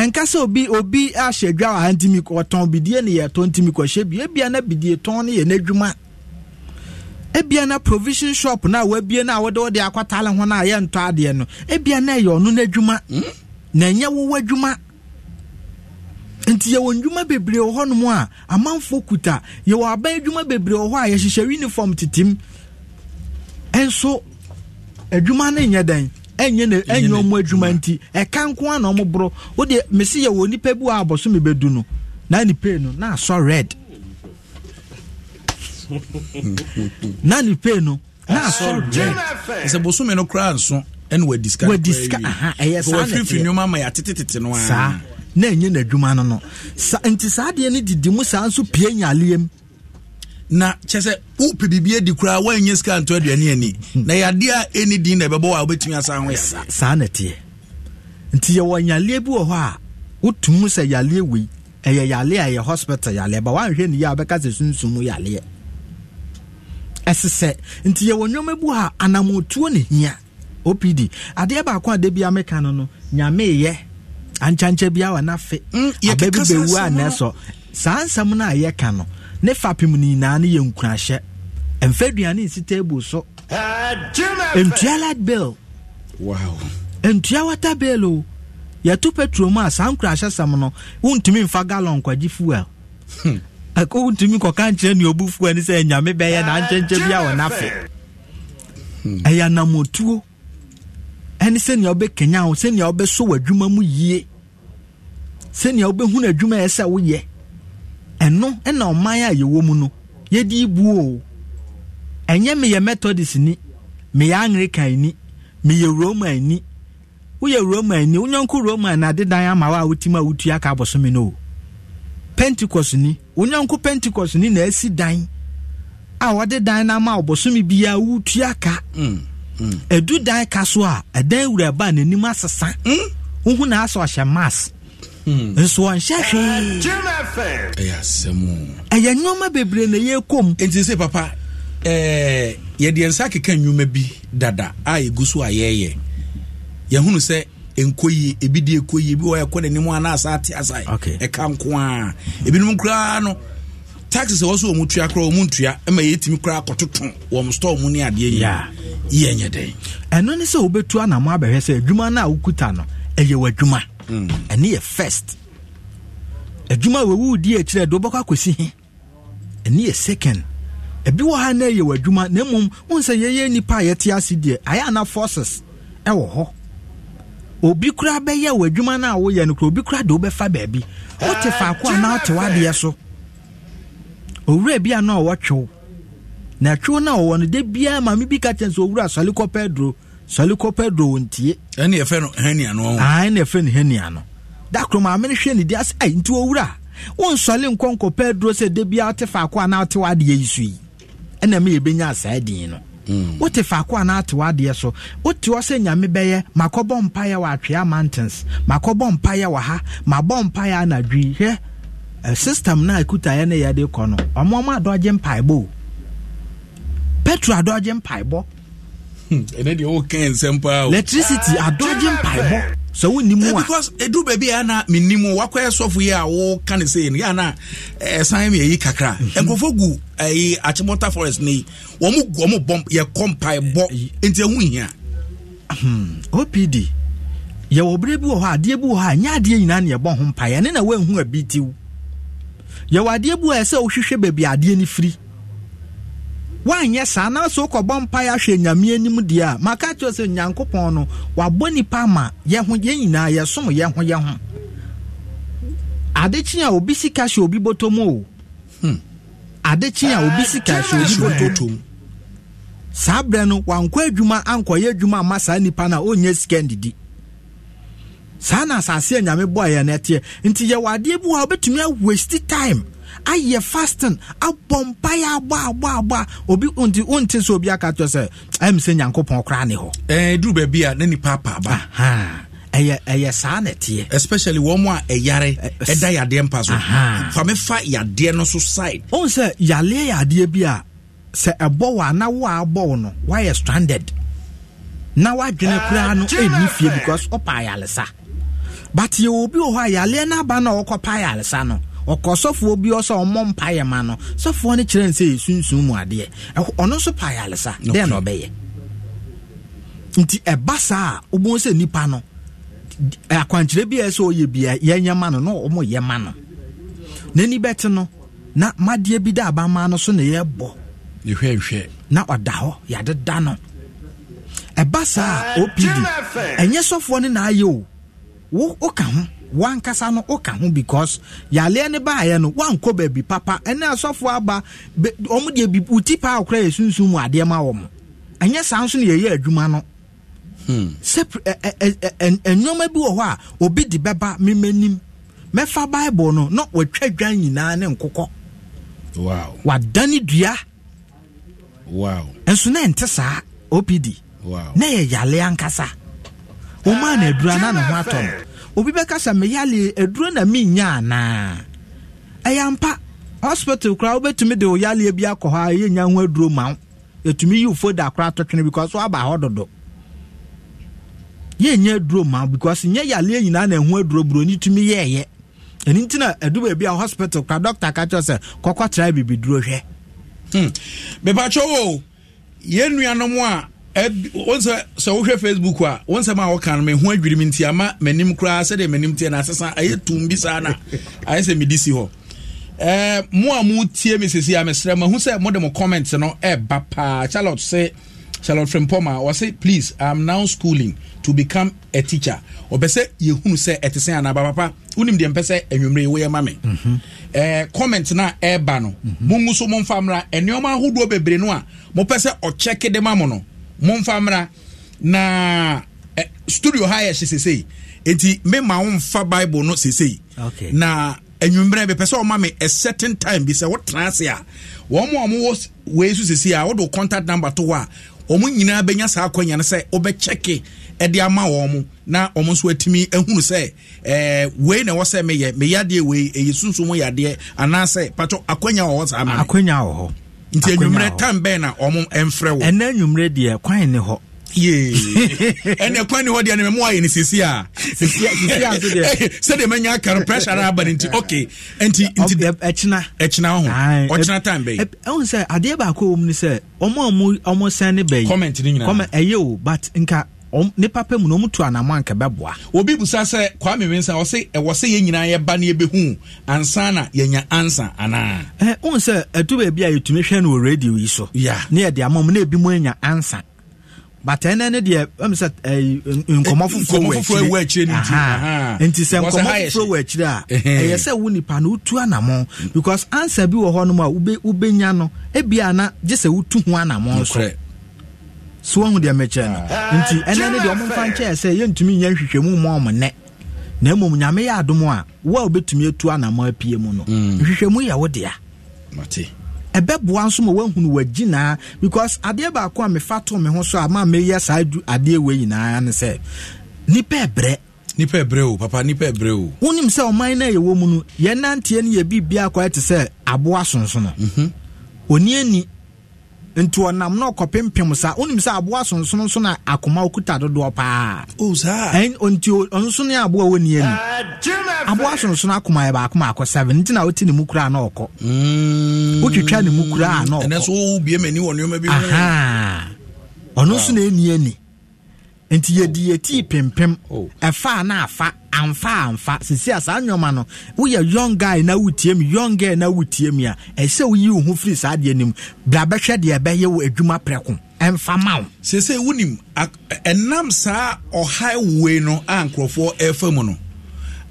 nkasa obi obi ahyɛ dwa a ntumi ɔtɔn bidie ne yɛtɔ ntumi kɔhyɛ bi ebia na bidie tɔn ne yɛ n'adwuma ebia na provision shop na wabie na wɔde wɔde akɔtale ho na yɛntɔ adeɛ no ebia na ɛyɛ ɔno n'adwuma na ɛnyɛ wɔwɔ adwuma nti yɛwɔ ndwuma bebree wɔ hɔnom a amanfoɔ kuta yɛwɔ aban adwuma bebree wɔ hɔ a yɛhyehyɛ uniform titim nso adwuma no nyɛ dɛn ɛnyɛ ne ɛnyɛ ɔmo adwuma nti ɛka nko a na ɔmo borɔ o deɛ mesi yɛ wɔ nipa bi wɔ abɔso mi bɛ du no na ne pay no na asɔ red *laughs* na ne pay no na asɔ red ɛsɛ bosomi no kura nso ɛna wɔ diska wɔ diska aha ɛyɛ saa na ɛyɛ wɔ firifiri nneɛma ama yɛ atete tete no ara saa na ɛnyɛ n'adwuma no no sa nti saa deɛ ne didi mu saa nso pie nyaleɛ mu. na kyɛ sɛ wopɛ biribi adi koraa woanyɛ sika nto aduane ani na yɛadeɛ a ɛni din na ɛbɛbɔ wɔ a wobɛtumi asa ho yɛsa saa na ɛteɛ nti yɛwɔ nyaleɛ bi wɔ hɔ a wotum sɛ yaleɛ wei ɛyɛ yaleɛ a ɛyɛ hospital yaleɛ ba woanhwɛ ne yie a wobɛka sɛ sunsum mu yaleɛ ɛse sɛ nti yɛwɔ nneɔma bi hɔ a anamotuo ne hia opd adeɛ baako a da bia meka no no nyameyɛ ankyankyɛ biara wɔ n'afe mm, aba bi bɛwu a nɛɛsɔ saa nsɛm no a yɛka no ne fapem no nyinaa ne yɛ nkurahyɛ mfa aduane nsi table so ntua light bill wow. ntua water bill o yɛto petrol mu a saa nkurahyɛ sɛm no wontumi mfa gallon kwagye fuel hmm. ɛkɔ wontumi kɔka nkyerɛ nea ɔbu fuel ne sɛ nyame bɛyɛ nankyɛnkyɛ bi a wɔnafe hmm. ɛyɛ anamotuo ɛne sɛnea wobɛkanya wo sɛnea wobɛso w'adwuma mu yie sɛnea wobɛhunu adwuma ɛsɛ woyɛ ɛno ɛna ɔman a yɛwɔ mu no yɛde buo ɛnyɛ meyɛ methodist ni meyɛ anglican ni meyɛ roman ni woyɛ roman ni wonyɔnko roman na adedan ama wo a wotim a wotua aka abɔsome no o pentecost ni wonyɔnko pentecost ni na esi dan a wɔde dan no ama ɔbɔsome biara wotua aka. Mm, mm. Edu dan ka so a ɛdan wura ba n'anim asesa mm? wohu na asɛ ɔhyɛ mask Hmm. nso anhyɛ hwee ɛyɛ asɛm ɛyɛ bebree na ɛyɛ kɔm nti sɛ papa ɛɛ yɛde nsa keka nnwuma bi dada a ɛgu so a yɛɛyɛ. yɛhunu sɛ nkoyie, ebi di ekoyie, ebi wɔ kɔ n'anim a n'asa ate asa yi ɛka nko ara ebinom koraa no Taxi sɛ so wɔn tua koraa wɔn ntua ɛma yɛtumi koraa akɔtoto wɔn store mu ne adeɛ yie yie nyɛ dɛ. ɛno ne sɛ wobɛtu anamɔ abɛhwɛ sɛ adwuma na okuta wokuta no ɛyɛ w'adwuma. Mm. ɛne yɛ first adwuma a wɔwu di akyirɛ de wobɛkɔ akɔsi he ɛne yɛ second ebi wɔ ha na yɛ wɔ adwuma na mmom wɔn sɛ yɛyɛ nipa a yɛte ase deɛ ayɛ ana forces ɛwɔ hɔ obi kura bɛyɛ wɔ adwuma na awoyɛ no kura obi kura de wobɛfa baabi ɔte ah, faako a na wote wadeɛ so owura bi a na ɔwɔ twew na twew na ɔwɔ no de bia maame bi ka kyɛn sɛ owura asɔre kɔpɛ duro sɔlikɔ pedro ntie. ɛni ɛfɛ no henia no. aa ɛni ɛfɛ no henia no dakoro maame ne hwɛ pedro sɛ debi ɔte faako anaa n'ate wɔ yi so yi asaa din no. Hmm. wote faako anaa n'ate so wote hɔ nyame bɛyɛ makɔbɔ mpaeɛ wɔ atwea mountains makɔbɔ mpaeɛ wɔ ha mabɔ mpaeɛ anadwi hwɛ system na yɛ ne yɛde kɔ no ɔmo petro adɔgye mpaebɔ Hmm, ɛnɛ deɛ woka nsɛm paa electricity adɔgye mpaebɔ sɛ wonni mu eh, because baabi a na mennim woakɔyɛ sɔfo yi a woka ne sɛ no yɛana eh, ɛsan me ɛyi kakra mhm. nkurɔfoɔ gu ɛyi eh, forest no yi wɔm gu ɔm bɔ yɛkɔ mpaebɔ enti ɛho hia hmm, opd yɛwɔ berɛ bi wɔ hɔ adeɛ bi wɔ hɔ a nyɛ adeɛ nyinaa ne yɛbɔ ho mpaeɛ na yɛwɔ adeɛ bi wɔ ɛ sɛ wohwehwɛ baabi adeɛ no woanyɛ saa na so wokɔbɔ mpaeɛ ahwɛ nyame anim deɛ a maka kyerɛ sɛ onyankopɔn no wabɔ nipa ama yɛ ho yɛn nyinaa yɛsom yɛ ho yɛ ho adekye a obi sika hyɛ obi bɔtɔ mu o hmm. adekye a obi sika hyɛ obi bɔtɔ mu saa berɛ no wankɔ adwuma ankɔyɛ adwuma ama saa nipa no a ɔnnya sika ndidi saa na asase a nyame bɔɔ yɛ no ɛteɛ nti yɛwɔ adeɛ bi wɔ a wobɛtumi awasti time ayɛ fasting abɔ mpaeɛ abɔ abɔ abɔ a obi nti wonte sɛ obi aka to sɛ ɛm sɛ nyankopɔn koraa ne hɔ eh, duru baabi a na nipa apa aba ɛyɛ ɛyɛ saa na especially wɔn a ɛyare ɛda yadeɛ mpa so fami fa yadeɛ no so side. o n sɛ yale yadeɛ bi a sɛ ɛbɔ wɔ ana wɔ abɔ wɔ no wɔayɛ stranded na wadwene koraa no ah, ɛnni fie because ɔpa ayaresa but yɛ obi wɔ hɔ a yale n'aba na ɔkɔ pa ayaresa no. ɔkɔ sɔfoɔ bi ɔsɛ ɔmmɔ mpaeɛ ma no sɔfoɔ no kyerɛ n sɛ yɛsunsum mu adeɛ ɔno nso paeɛ alesa dɛn na ɔbɛyɛ nti ɛba saa a wobɛhu sɛ nnipa no akwankyerɛ bi a ɛsɛ ɔyɛ bia yɛnyɛ ma no na ɔmɔ yɛ ma no n'ani bɛte no na madeɛ bi da abamaa no so na yɛbɔ yɛhwɛhwɛ na ɔda hɔ yɛadeda no ɛba saa opd ɛnyɛ sɔfoɔ no na ayɛ o woka ho wankasa no woka ho because yaleɛ ne baayɛ no wankɔ baabi papa ɛne asɔfoɔ aba ɔmo deɛ bi wuti paa okura yɛ sunsun mu adeɛ ma wɔn ɛnyɛ saa nso na yɛyɛ adwuma no hmm. sɛpre ɛ bi wɔ hɔ a obi de bɛba mmemme nim mɛfa bible no na wɔtwa dwan nyinaa ne nkokɔ wow wadane dua wow nso na nte saa opd wow na yɛ yaleɛ ankasa wɔn a na adura na ne ho atɔ no. obi bɛka sɛ meyale aduro na menya anaa ɛyɛ mpa hospital koraa wobɛtumi de wo yali bi akɔ hɔ a yɛnya ho aduro ma wo yɛtumi yi foda koraa tɔtwene because woaba hɔ dodo yɛnya aduro ma wo because nyɛ yaleɛ nyinaa na ɛho aduro buroni tumi yɛɛyɛ ɛno nti na ɛdu baabi a hospital koraa doctor ka kyerɛ sɛ kɔkɔtrae bibiduro hwɛ hmm. mepatwɛ o yɛn nuanom a sɛ wohwɛ facebook a wo nsɛm a wɔka no meho adwiri me nti ama m'anim koraa sɛdeɛ m'anim teɛ no asesa ɛyɛ tum bi saa no *laughs* ayɛ sɛ mede si hɔ mo a motie me sesi a mesrɛ mahu sɛ mode mo comment no ɛba paa charlotte se charlotte frimpoma wɔse please iam now schooling to become a teacher ɔbɛ sɛ yɛhunu sɛ ɛte sɛ anaba papa wonim deɛ mpɛ sɛ anwummerɛ yi ma me mhm. comment no a ɛba no mhm. mongu so momfa mmra ɛnneɔma ahodoɔ bebree no a mopɛ sɛ ɔkyɛke de ma mo no momfa mmra na eh, studio ha yɛ hye sesei enti mema wo mfa bible no sesei na anwummerɛ bɛpɛ sɛ ɔma me a certain time bi sɛ wotena ase a wɔn a wɔwɔ wei so sesei a wode wo contact number to hɔ a wɔn nyinaa bɛnya saa akɔnya no sɛ wobɛkyɛke ɛde ama wɔn na wɔn nso atumi ahunu sɛ ɛɛ eh, wei na ɛwɔ sɛ meyɛ meyadeɛ wei ɛyɛ sunsun mu yadeɛ anaasɛ pato akɔnya wɔ hɔ saa ma akɔnya wɔ hɔ nti anwummerɛ tam bɛn na ɔmo mfrɛ wo ɛnɛ anwummerɛ deɛ kwan ne hɔ *laughs* ɛnɛ kwan ne hɔ deɛ no mɛmo ayɛ ni sisi a *laughs* sɛdeɛ manya aka no pressure no aba no nti ok nti ɛkyena ɛkyena ho ɔkyena time bɛyi ɛhu sɛ adeɛ baako wɔ mu ne sɛ ɔmo a ɔmo sɛn ne bɛyi comment no nyinaa ɛyɛ o but nka nipa pɛ mu na ɔmu tu anamu anka bɛboa. obi busa sɛ kwame winsa ɔsɛ ɛwɔ sɛ yɛn nyinaa yɛba na yɛbɛhu ansa na yɛnya ansa anaa. ɛ ohun sɛ ɛtu baabi a yɛtumi hwɛ no wɔ radio yi so. ya ne yɛde ama mu na ebi mu enya ansa bàtà ẹnẹ ni deɛ ɛmu sɛ ɛyi nkɔmɔ eh, foforɔ wɔ akyire ni nti sɛ nkɔmɔ foforɔ wɔ akyire a eh, eh. ɛyɛ sɛ wo nipa no wotu anamɔ because ansa bi wɔ hɔ nom a wobɛnya no ebi ana gye sɛ wotu ho anamɔ nso so wahu deɛ mekyerɛ no ah, nti ɛnɛ ne deɛ ɔmomfa nkyɛɛ sɛ yɛntumi nya nhwehwɛmu ma ɔmo nɛ na mmom nyame yɛ adom a wo a wobɛtumi atu anama apue mu no mm. nhwehwɛmu yɛ wo dea ɛbɛboa nso ma woahunu w'agyi naa because adeɛ baako a mefa to me ho so a ma meyɛ saa adeɛ wei nyinaa ne sɛ nipa ɛbrɛ nipa ɛbrɛ o papa nipa ɛbrɛ o wonim sɛ ɔman no a yɛwɔ mu no yɛnanteɛ no yɛ biribia kɔɛ te sɛ aboa sonsono ɔni mhm. ani nti ɔnam na ɔkɔpempem sa wonim sɛ aboa sonsono nso na akoma okuta dodoɔ paa nti ɔnso ne aboa wɔni aboa sonsono akoma yɛ baako maakɔ seven nti na wote ne mu koraa na ɔkɔ mm. wotwitwa ne mu koraa na ɔkɔ ɔno nso na ɛni nti yɛdi yɛti oh. pimpim ɛfa oh. na afa amfa amfa sisi a saa nneɛma no woyɛ young guy na wotie mu young girl na wotie mu a ɛsɛ woyi wo ho firi saa deɛ nim bla bɛhwɛ deɛ ɛbɛyɛ wɔ adwuma prɛko ɛmfa ma wo sese wonim ɛnam saa ɔha wei no a nkurɔfoɔ ɛfa mu no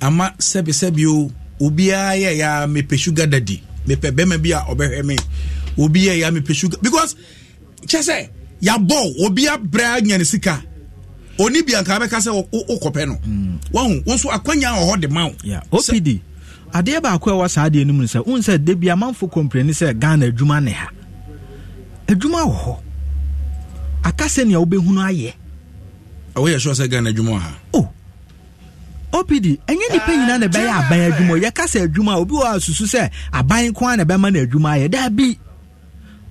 ama sɛbisɛbi o obiara yɛ ya mepɛ sugar daddy mepɛ bɛrima bi a ɔbɛhwɛ me obi yɛ ya mepɛ sugar because kyɛ sɛ yabɔ obi abrɛ anya ne sika oni bia nka bɛka sɛ wokɔpɛ no hmm. wahu wo nso akwanya wɔ de ma wo opd adeɛ baako a ɛwɔ saa adeɛ no mu no debi wohu sɛ da sɛ ghana adwuma ne ha adwuma wɔ hɔ aka sɛ nea wobɛhunu ayɛ woyɛ sure sɛ ghana adwuma wɔ ha o opd ɛnyɛ nipa nyinaa na ɛbɛyɛ aban adwuma yɛka sɛ adwuma obi wɔ asusu sɛ aban ko a na ɛbɛma no adwuma ayɛ daa bi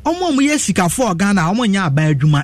a ɔmo sikafoɔ ghana a ɔmo nyɛ aban adwuma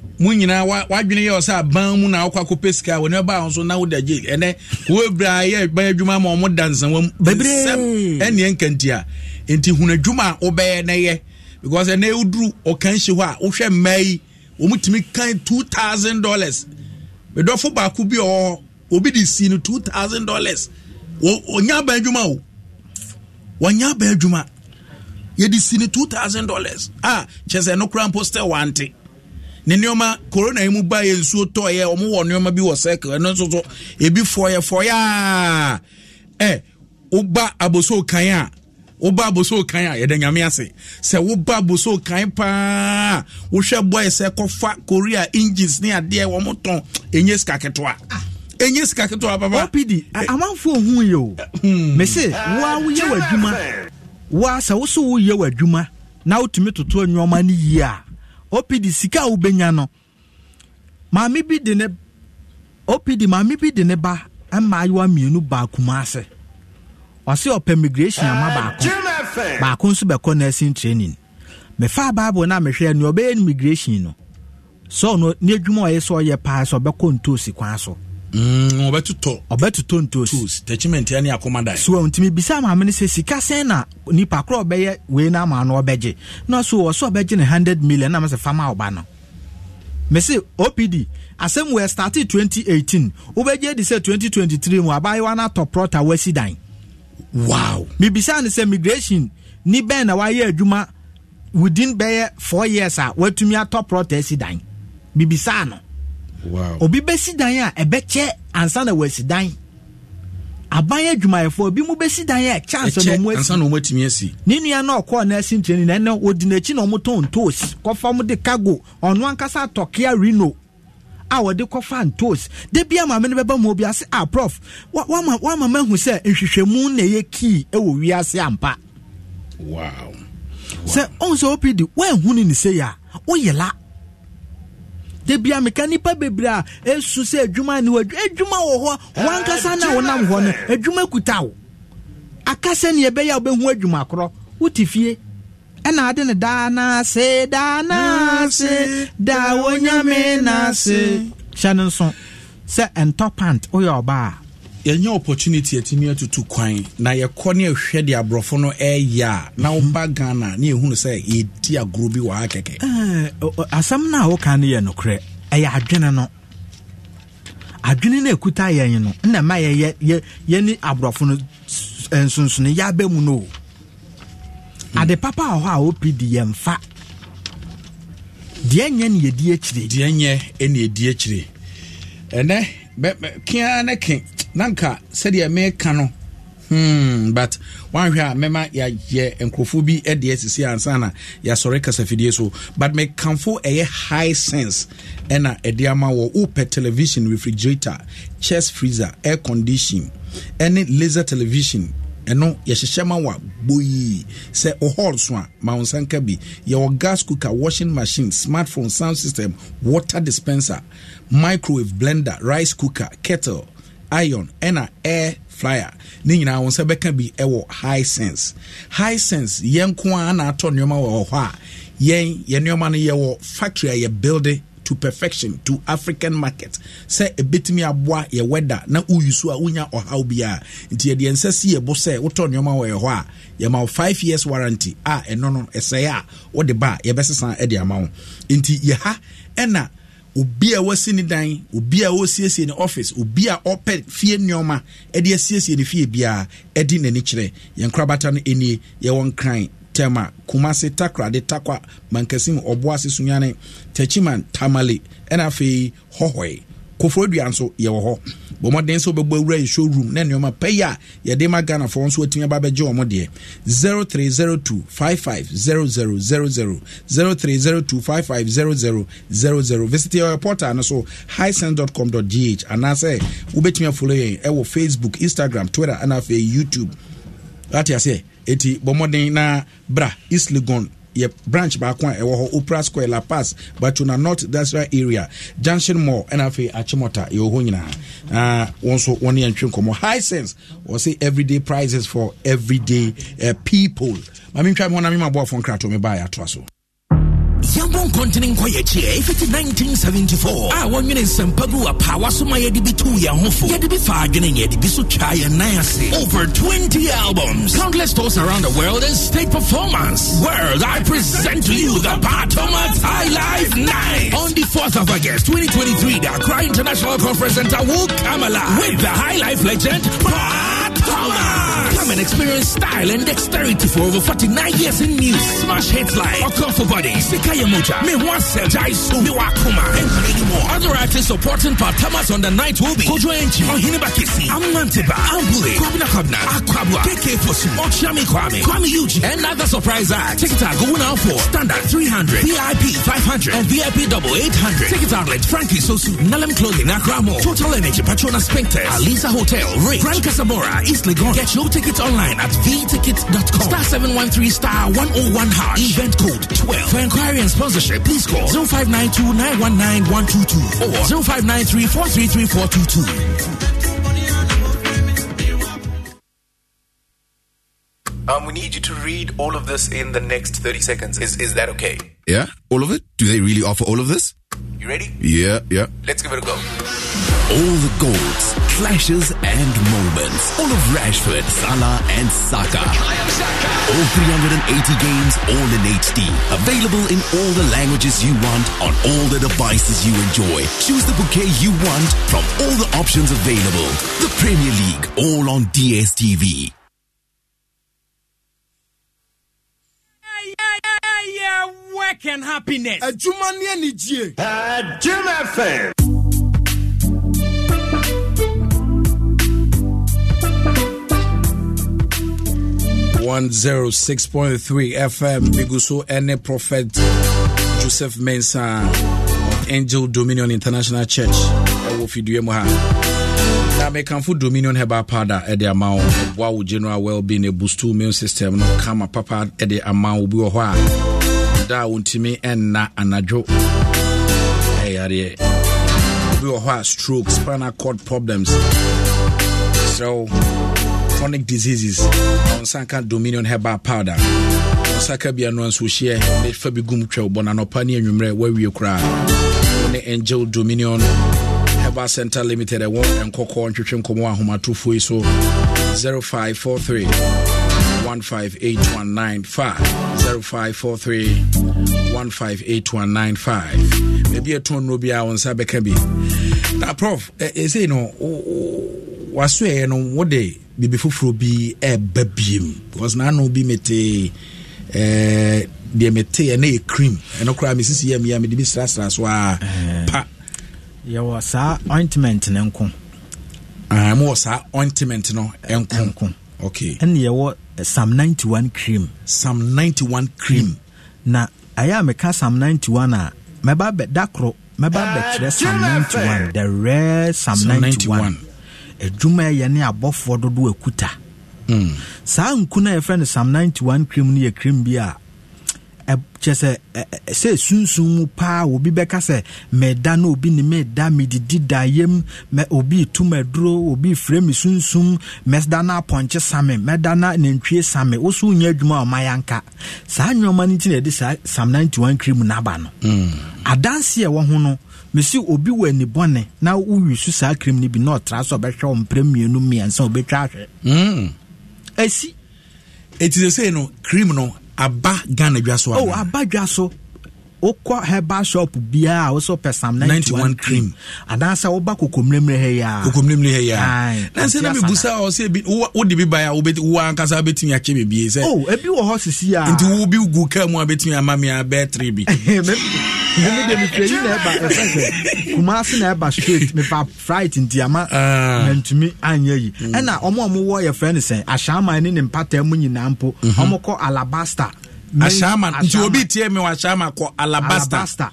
mu nyinaa wadwene yɛ ɔsɛ aban mu na akɔ akɔpɛ sika wɔn ba ahosuo na woda gye ɛnɛ wɔbra yɛ ban adwuma ma ɔmo da nsanwa mu bebree ɛnneɛ nkantia nti hun adwuma a wɔbɛyɛ na yɛ because ɛnɛ woduru ɔkan hyɛ hɔ a wohwɛ mmaa yi wɔn tumi kan two thousand dollars bedɔfo baako bi ɔwɔ obi de si no two thousand dollars wɔnya ban adwuma o wɔnya ban adwuma yɛde si no two thousand dollars a kyerɛ sɛ ɛno kora mpo still wante ne nneɛma corona yi mu ba yɛ nsuo tɔɔyɛ wɔn wɔ nneɛma bi wɔ circle ɛno nso so ebi fɔyɛ fɔyɛ a ɛ woba aboso kan a woba aboso kan a yɛda nyame ase sɛ woba aboso kan paa wohwɛ boy sɛ kɔfa korea engines ne adeɛ wɔn tɔn enye sika ketewa. ɛnyɛ ah. sika ketewa papa opd eh. amanfoɔ hu yɛ o eh, hmm. me se woa woyɛ w'adwuma woa sɛ wo so woyɛ w'adwuma na wotumi toto nneɔma no yie a opd sika a wobɛnya no maame bi de ne opd maame bi di ne ba mmaayewa mmienu baakuma ase ɔse ɔpɛ migration ama eh, baako baako nso bɛkɔ nursing training mefa bible no a mehwɛ nea ɔbɛyɛ no migration no sɛ ɔno ne adwuma a ɔyɛ sɛ ɔyɛ paa sɛ ɔbɛkɔ ntoosi kwan so Mm, ɔbɛtotɔ ɔbɛtotɔ ntos tɛkyimɛntia ne akoma so ntumi bisa maame no sɛ sika sɛn na nipa korɔ ɔbɛyɛ wei no ama no ɔbɛgye na so wɔ so ɔbɛgye ne 100 million na mesɛ fama ɔba no mese opd asɛm wɔ starte 2018 wobɛgye di sɛ 2023 mu abayewa no atɔ prɔta wasi dan wow mebisa no sɛ migration ni bɛn na wayɛ adwuma within bɛyɛ 4 years a watumi atɔ prɔta asi dan bibisaa no obi bɛsi dan a ɛbɛkyɛ ansa na wɔasi dan aban adwumayɛfoɔ bi mu bɛsi dan a chance na ɔmo asi na ɔmo atumi asi ne nua na ɔkɔɔ na asi ntuani na ɛnɛ odi n'akyi na ɔmo tɔn ntoos kɔfa mo de cargo ɔno ankasa tɔkia rino a wɔde kɔfa ntoos de bia maame no bɛba mu obi ase a ah, prof wama wama mahu sɛ nhwehwɛmu na ɛyɛ kii ɛwɔ wiase ampa wow sɛ ɔn sɛ opd woanhu ne ne sɛ yɛ a woyɛ la tebia meka nipa bebree a esu sɛ adwuma ne wɔ adwuma wɔ hɔ wankasa na wɔnam hɔ no adwuma kuta wo akasa ne ɛbɛyɛ a wobɛhu adwuma korɔ wote fie ɛna ade ne daa n'ase daa wonyame n'ase hyɛ ne nso sɛ ɛntɔ pant woyɛ ɔbaa yɛnyɛ opportunity atumi atutu kwan na yɛkɔ ne ɛhwɛ de aborɔfo no ɛyɛ a na woba mhm. ghana ne yɛhunu sɛ yɛdi bi wɔ ha kɛkɛ asɛm no a woka no yɛ nokorɛ ɛyɛ adwene no adwene no yɛn no ma aborɔfo no mu no o hmm. a yɛmfa deɛ nyɛ ne yɛdi akyire deɛ nyɛ ne yɛdi akyire Nanka nka sɛdeɛ meka no hmm, but wanhwɛ a mɛma yɛayɛ nkurɔfoɔ bi de asisi ansa na yɛasɔre kasafidie so but mekamfo ɛyɛ high sense ɛna ɛde ama wɔ wopɛ television refrigerator chest freezer air condition ɛne laser television ɛno yɛhyehyɛ ma wa gboyi sɛ ɔhɔl so a ma wo nsanka bi yɛwɔ gas cooker washing machine smartphone sound system water dispenser microwave blender rice cooker kettle ion ɛna air flyer ne nyinaa wɔn nsa bɛka bi ɛwɔ high sense high sense yɛn ko a na atɔ nneɛma wɔ hɔ a yɛn yɛn nneɛma no yɛwɔ factory a yɛ build to perfection to african market sɛ ebetumi aboa yɛ weather na uyu a unya ɔhaw biara nti yɛde yɛn nsa si yɛ bo sɛ wotɔ nneɛma wɔ hɔ a yɛma wo five years warranty a ɛno no ɛsɛɛ a wɔde ba a yɛbɛsesa de ama wo nti yɛ ha ɛna obi a wasi ne dan obi a wɔsiesie ne office obi a ɔpɛ fie nneɛma de asiesie ne fie biara de n'ani kyerɛ yɛn korabata no nie yɛwɔ nkran tɛma kumase takrade takwa mankasim ɔboase sunyane tachiman tamale ɛna afei hɔhɔe koforo dua nso yɛwɔ hɔ bɔmmɔden nso bɛbɔ awura yɛ showroom na nneɛma pɛyɛ a yɛde ma ghanafoɔ nso atumi aba bɛgye wɔn deɛ five five zero zero zero zero. visit your portal no so hisense.com.gh anaasɛ wobɛtumi afolo yɛn ɛwɔ facebook instagram twitter ana afei youtube wate aseɛ ɛti bɔmmɔden na bra isligon yɛ branch baako a ɛwɔ hɔ opera square la pass batona north dasra area junction mall ɛna afei akyemɔta yɛwɔ eh, hɔ nyinaa ah, na wɔn nso wɔn ne yɛntwe nkɔmmɔ high sense wɔse everyday prices for everyday uh, people maame ntwa mi hɔ na mi ma bɔ afɔ nkratɔ mi ba yɛ so. Biabon Continent Koyachi, if it's 1974. I ah, want you in Sempagua Power, so my Edibi two Yahofu, Edibi Fagening, Edibi chaya and Over 20 albums, countless tours around the world, and state performance. World, I present to you the Batomat High Life Night on the 4th of August 2023. The Accra International Conference Center will come alive with the High Life legend, Pat Thomas. Come and experience style and dexterity for over 49 years in music. Smash hits like Occur Body, Sika Kaya Mocha, Mewa Sel, Jaisu, Mewa Kuma, and many more. Other artists supporting Patamas on the night will be Kojo Enchi, Ohineba Kisi, Amanteba, Ambule, Kwabina Kwabna, Akwabwa, KK Fosu, Ochami Kwame, Kwame Yuji, and other surprise acts. Ticket are going out for Standard 300, VIP 500, and VIP Double 800. Ticket outlet Frankie Sosu, Nalem Clothing, Akramo, Total Energy, Patrona Spectres, Alisa Hotel, Ray, Frank Casabora, East Legon. Get your tickets online at vtickets.com. Star 713 star 101 hash. Event code 12. For inquiry and sponsorship, please call 0592 919 or 0593 Um, we need you to read all of this in the next 30 seconds. Is, is that okay? Yeah, all of it? Do they really offer all of this? You ready? Yeah, yeah. Let's give it a go all the goals, clashes and moments. All of Rashford, Salah and Saka. All 380 games, all in HD. Available in all the languages you want on all the devices you enjoy. Choose the bouquet you want from all the options available. The Premier League, all on DSTV. Work and happiness. A Juman Adjuma FM. 106.3 FM Miguso Ene Prophet Joseph Mensah of Angel Dominion International Church ɛwɔ fidua mu ha na mekamfo Dominion heba Powder ɛde ama wo ɛboa wo general well-being ɛboost wo immune system no kama papa ɛde ama wo bi wɔ hɔ a da a wontumi ɛnna anadwo ɛyareɛ bi wɔ hɔ a stroke spinal cord problems so chronic diseases ɔnsanka dominion herbal powder ɔsaka bia no nso hyɛ ne fa bi gum twɛw bɔ nanɔpa ne anwummerɛ wawie koraa ne angel dominion herbal center limited ɛwɔ nkɔkɔɔ ntwetwe nkɔmmɔ ahomatofoɔ yi so 0543 158195 0543 158195 baabi ɛtɔn nnuro biara wo nsa bɛka bi na prof ɛsei no wasoɛ no wode biribi foforɔ bi ɛɛba biem because naano bi mete eh, deɛ mete ɛne yɛ cream ɛno koraa mesisi yɛ meyɛ mede bi srasra so a pa yɛwɔ saa ointment no nko uh, mowɔ saa ointment no ɛnko okay ɛne yɛwɔ eh, psalm 91 cream psalm 91 cream mm. na ɛyɛ a meka psalm 91 a mɛba bɛda korɔ mɛba bɛkyerɛ psalm 91 the rare psalm 91, psalm 91 adwuma e ɛyɛ ne abɔfoɔ dodoɔ akuta hmm. saa nku no yɛfrɛ no sam 91 krim no yɛ krim bi a kyɛ sɛ sɛ sunsun mu paa obi bɛka sɛ mɛda na obi ne mɛda mɛdidi da yam mɛ obi tu mɛduro obi fira mi sunsun mɛda na apɔnkye sami mɛda na nantwie sami woso nyɛ adwuma a ɔman yanka saa nneɛma no ti na yɛde saa sam 91 one kiri mu no hmm. adansi a ɛwɔ ho no mesi obi wɔ ani na wowi so saa krim no bi na ɔtra sɛ ɔbɛhwɛ wo mprɛ mmienu mmiɛnsa wobɛtwa ahwɛ hmm. asi ɛti sɛ sei no krim no aba ghana dwa so oh, aba dwa so wokɔ herbal shop biara a wosɛ pɛ sam 91 cream anaasɛ woba kokommerɛmmerɛ ha yi a kokommerɛmmerɛ ha yi nansɛ na mebusa a ɔsɛ bi wode bi bae a wo ankasa wobɛtumi akyɛ me bie sɛ oh ebi wɔ hɔ sisi a nti wo bi gu kaa mu a bɛtumi ama me a bɛɛtere bi mene de mefrɛyi na ɛba ɛfɛ kumase na ɛba straight mefa fright nti ama mantumi anyɛ yi ɛna ɔmo a ɔmowɔ yɛfrɛ no sɛ ahyaaman ne ne mpataa mu nyinaa mpo ɔmokɔ alabasta ashama nti obi tie mi wɔ ashama kɔ alabasta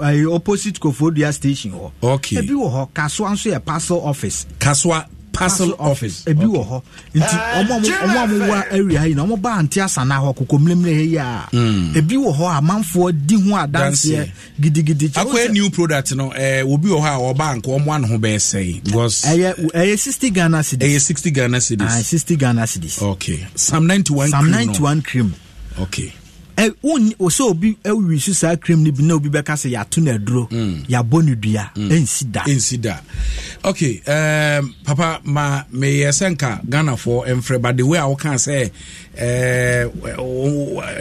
ɛɛ opposite kofodua station hɔ okay ebi wɔ hɔ kasoa nso yɛ parcel office kasoa parcel office ebi wɔ hɔ nti ɔmo ɔmo wa area yi na ɔmo ba ante asana hɔ koko mmeremere yi a hmm. ebi wɔ hɔ amanfoɔ di ho adanseɛ gidigidi kyɛ akɔyɛ new product no ɛɛ obi wɔ hɔ a ɔba nko ɔmo ano ho bɛyɛ sɛyi because ɛyɛ ɛyɛ sixty ghana cedis ɛyɛ sixty ghana cedis ɛyɛ sixty ghana cedis okay sam ninety one cream no sam ninety one cream. Okay. wosɛ obi awi so saa kram no bi na obi bɛka sɛ yɛato no aduro mm. yɛabɔ no dua mm. ɛnsi da ɛnsi da ok um, papa ma meyɛ sɛ nka ghanafoɔ ɛmfrɛ but the way a wokaa sɛ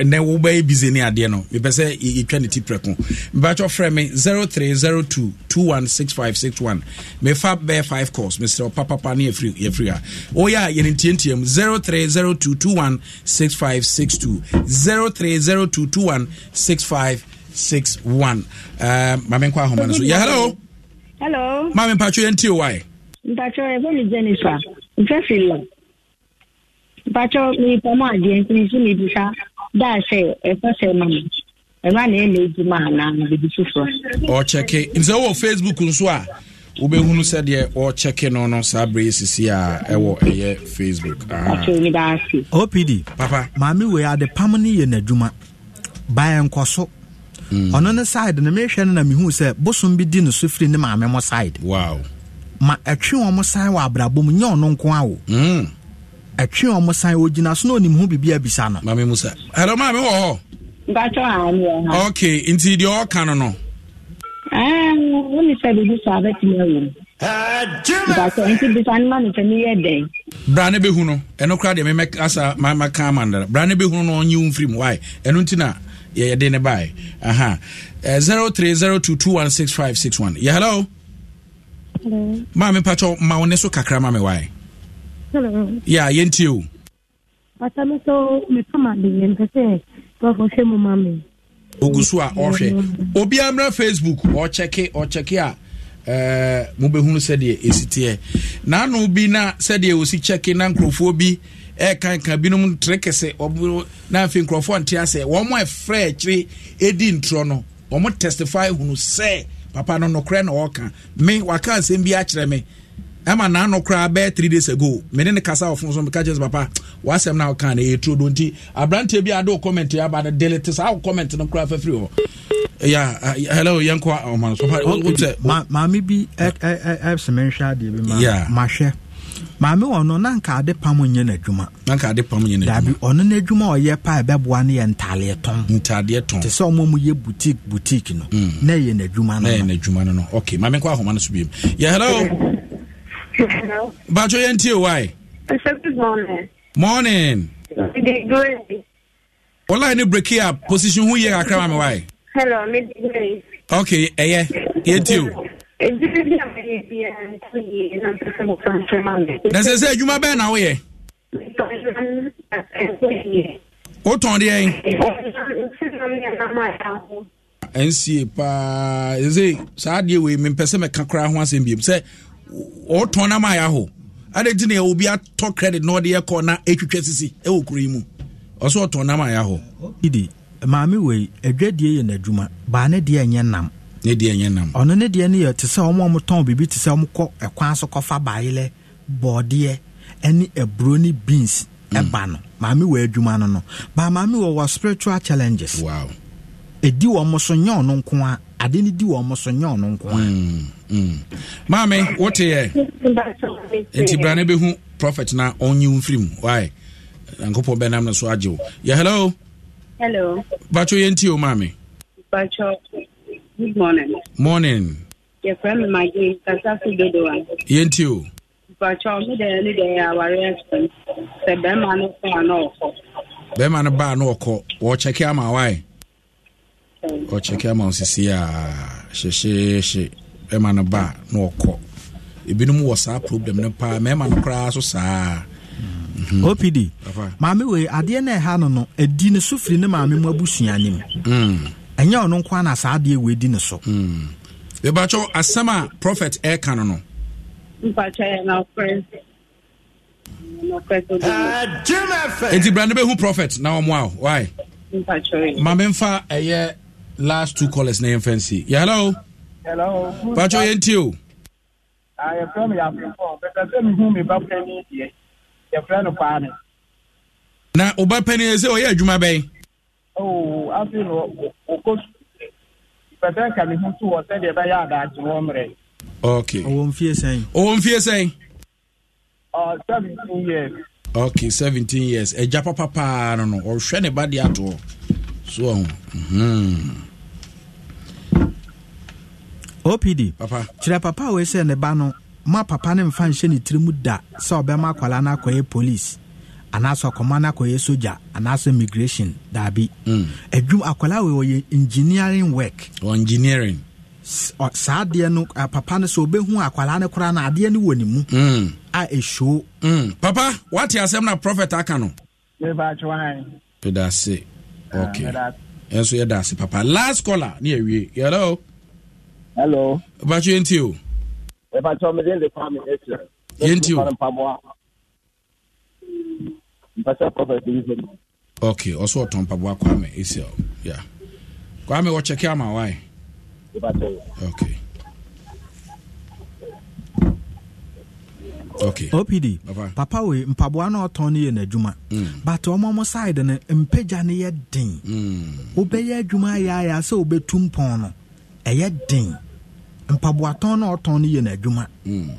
nɛ wobɛyɛ bise ne adeɛ no mepɛ sɛ yɛtwa ne ti prɛko mebakyɛ frɛ me 0302 216561 mefa bɛɛ 5 calls mesrɛ papapa ne yɛfiri a woyɛ a yɛne ntiantiam 0302 216562 03 0221 6561 maame nkɔ ahoma no so yɛ hello hello maame mpatwo yɛ ntio wae mpatwo yɛfɛ me jennifer mfɛ filo mpatwo meyipɔ mu adeɛ nti mesu mebisa da sɛ ɛfɛ sɛ ma me ɛma na ɛna adwuma anaa biribi foforɔ ɔkyɛke nti sɛ wowɔ facebook nso a wobɛhunu sɛdeɛ wɔkyɛke no no saa berɛ sisi a ɛwɔ ɛyɛ facebook opd papa maame wei ade pam no yɛ n'adwuma baɛ nkɔ so hmm. ɔno ne side no mehwɛ no na mehu sɛ bosom bi di no so firi ne maame mo side wow. ma ɛtwe wɔn mo san wɔ abrabɔ mu nyɛ ɔno nko a wo hmm. ɛtwe wɔn mo san ogyina so na onim ho biribi abisa no maame musa hello maame wɔ hɔ okay nti deɛ ɔka no no wone sɛ biribi saa bɛtumi awo mu basɛ nti bisa no ma me sɛ meyɛ dɛn bra ne bɛhu no ɛno koraa deɛ memɛ asa maka amandara bra ne bɛhu no ɔnye wo mfiri mu wae ɛno nti na yɛde ne bae aha 0302216561 yɛ hello ma mepakyɛ ma wo ne so kakra ma me wae yɛ yɛntie o pata me so mepama de yɛmpɛ sɛ bɔfɔ hwɛ mu ma me ogu so a ɔhwɛ obi mmra facebook ɔkyɛke ɔkyɛke a ɛɛ eh, mobɛhunu sɛdeɛ ɛsi teɛ n'ano bi na sɛdeɛ osi kyɛke na nkurɔfoɔ bi ɛɛkanka binom tere kɛse na afei nkurɔfoɔ nte asɛ wɔn a ɛfrɛ akyire edi ntorɔ no wɔn testify hunu sɛ papa no nokorɛ na ɔɔka me waka asɛm bi akyerɛ me. ɛma naano koraa bɛyɛ three days ago mene ne kasa ɔfo so meka kyɛ sɛ papa wasɛm no woka no ɛyɛ turo do nti aberanteɛ bi ade wo comment aba no delete saa wo comment no koraa fafiri hɔ ya hello yɛnkɔ ɔma no maame bi ɛsɛme nhwɛ adeɛ bi mahwɛ maame wɔ no na nka ade pam nyɛ n'adwuma nanka ade pam nyɛ n'adwuma dabi ɔno n'adwuma a ɔyɛ pa ɛbɛboa no yɛ ntaadeɛ tɔn ntaadeɛ tɔn te sɛ ɔmo mu yɛ boutique boutique no mm. na ɛyɛ n'adwuma no na ɛyɛ n'adwuma no no okay maame nkɔ ahoma no so bi mu yɛ hello Hello. But you ain't here, why? I said good morning. Morning. Ola ni break here position who here akra me why? Hello, me Grace. Okay, eh yeah. Yet you. Na sɛ sɛ adwuma bɛn na woyɛ? Wotɔn deɛ? Nsie paa. pa, saa adeɛ wei mempɛ sɛ mɛka koraa ho asɛm biom sɛ ɔtɔn nam ayɛ aho ade nti yɛ obi atɔ credit na ɔde yɛ kɔ na etwitwa sisi ɛwɔ kuro yi mu ɔsɛ ɔtɔn nam ayɛ aho. idi maame wei adwadie yɛ n'adwuma baa ne deɛ nyɛ nam. ne deɛ nyɛ nam. ɔno ne deɛ no yɛ te sɛ ɔmo ɔmo wɔtɔn biribi te sɛ ɔmo kɔ ɛkwan so kɔfa baayelɛ bɔɔdeɛ ɛne aburo ne beans mm. ɛba no maame wɔ adwuma no no baa maame wɔ wɔ spiritual challenges. Wow. ɛdi wɔn so nyɛ ɔno nko a ade ni di wɔn so nyɛ ɔno nko a. Mm, mm. maame wote yɛ nti bra hu prophet na ɔnyi nfiri mu waaye nyankopɔn bɛ nam ne so agye wo yɛ hello. hello. bàtò yɛn ti o maame. bàtò good morning. morning. yɛfrɛ mi magi kasasi dodo wa. yɛn ti o. bàtò mi dɛ ni dɛ awari ɛsɛ sɛ bɛrima no baa n'ɔkɔ. ama ɔkyɛke ama osisi sisi a hyehyehye ɛma no ba na ɔkɔ ebinom wɔ saa problem no paa mɛma no koraa so saa mhm. opd maame wei adeɛ no ɛha no no ɛdi ne so firi ne maame mu abusua no mu mm. ɛnyɛ ɔno nko ana saa adeɛ wei di ne so mm. bebakyɛ asɛm a prophet ɛka no no enti brane bɛhu prophet na ɔmoa wo wai mamemfa ɛyɛ last two callers name fancy. Yeah, hello. hello. pàtó yẹn ti I am fɛ mi yàgò fɔ bɛtɛ sɛ mi hu mi ba pɛ mi yɛ yɛ fɛ no paa mi. na o ba pɛ ni yɛ sɛ ɔyɛ adwuma bɛyi. ooo afi no o ko bɛtɛ ka mi hu tu wɔ sɛdeɛ bɛ yɛ adaakye wɔn mmerɛ. ok ɔwɔ nfie sɛn. ɔwɔ nfie seventeen years. ok seventeen years ɛgya papa paa no no Or ne ba de so hmm opd papa. kyerɛ papa a wɔsɛ ne ba no ma papa ne mfa nhyɛ ne tiri mu da sɛ ɔbɛma akwala no akɔyɛ police anaasɛ ɔkɔma no akɔyɛ soja anaasɛ migration daabi mm. adwum akwala wei ɔyɛ engineering work o engineering saa adeɛ no uh, papa no sɛ ɔbɛhu akwala no koraa no adeɛ no wɔ ne mu mm. a ɛhyoo mm. papa wate asɛm na prophet aka no mebakyɛ wa pedase ah, okay uh, ɛnso yɛda ase papa last caller ne yɛwie hello hello bakyɛ yɛnti o ɛbakyɛ mede de kwa me ɛkyerɛ yɛnti o okay ɔso ɔtɔn mpaboa kwame ɛsia o ya kwame wɔkyɛke ama wae okay okay. opd papa wei mpaboa no ɔtɔn no yɛ n'adwuma mm. but ɔmo ɔmo side no mpagya no yɛ den mm. wobɛyɛ adwuma ayɛayɛ sɛ wobɛtu mpɔn no ɛyɛ den mpaboatɔn no ɔtɔn no yɛ n'adwuma mm.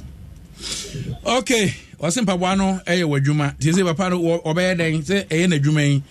okay ɔse mpaboa no ɛyɛ w'adwuma nti sɛ papa no ɔbɛyɛ dɛn sɛ ɛyɛ n'adwuma yi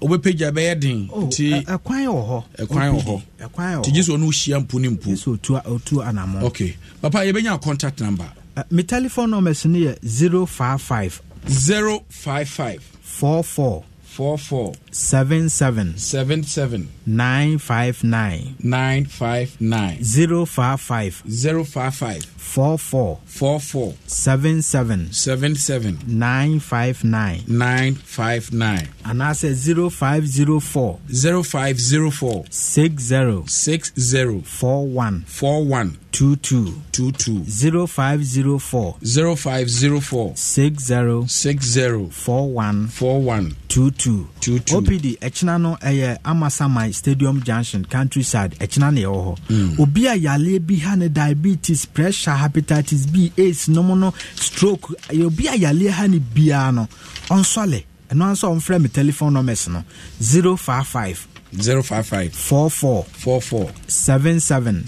wobɛpagya bɛyɛ den oh, nti ɛkwan wɔ hɔ ɛkwan wɔ hɔ nti gye sɛ ɔno wohyia mpo ne mpo okay papa yɛbɛnya contact number Uh, my telephone number is near 055 055 44 44 77 77 nine five nine. nine five nine. zero five five. zero five five. four four. four four. seven seven. seven seven. nine five nine. nine five nine. anaasɛ zero five zero four. zero five zero four. six zero. six zero. four one. four one. two two. two two. zero five zero four. zero five zero four. six zero. six zero. four one. four one. two two. two two. opd ɛkyina no ɛyɛ amasaman stadium junction countryside ɛkyena na ɛwɔ hɔ obi a yaleɛ bi ha no diabetes pressure hepatitis b aids nom no stroke obi a yaleɛ ha no biara no ɔnsɔle ɛno nso ɔmfrɛ me telephone numbers no five. 055 44 77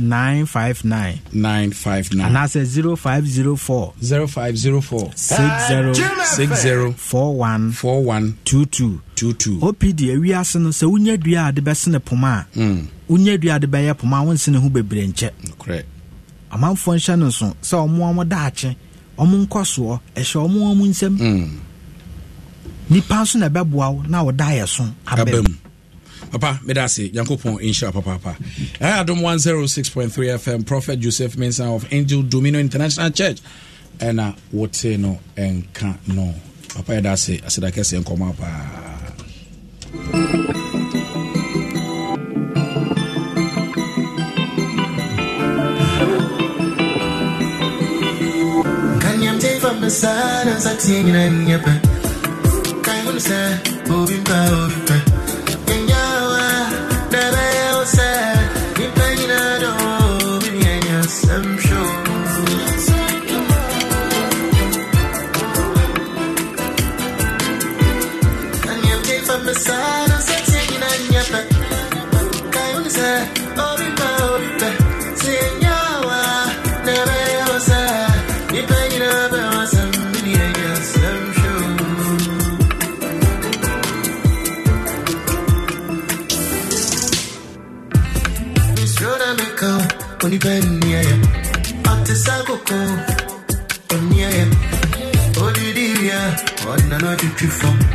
959 959 anaasɛ 0504 0504 opd awiase no sɛ wonya dua a de bɛsene poma a hmm. wonya dua a de bɛyɛ poma a wonsene ho bebree nkyɛ amanfoɔ nhyɛ no nso sɛ ɔmoa daakye ɔmo nkɔsoɔ ɛhyɛ ɔmoa mu nsɛm hmm. nipa nso na ɛbɛboa wo na papa meda ase nyankopɔn nhyira papaapa ɛyɛ eh, adom 106.3 fm prophet joseph minson of angel domino international church ɛna eh, wote no ɛnka no papa yɛda ase aseda kɛseɛ nkɔmmɔ paa Sana sa tingin na niya pa Kaya mo na sa Obing pa, obing plus fort.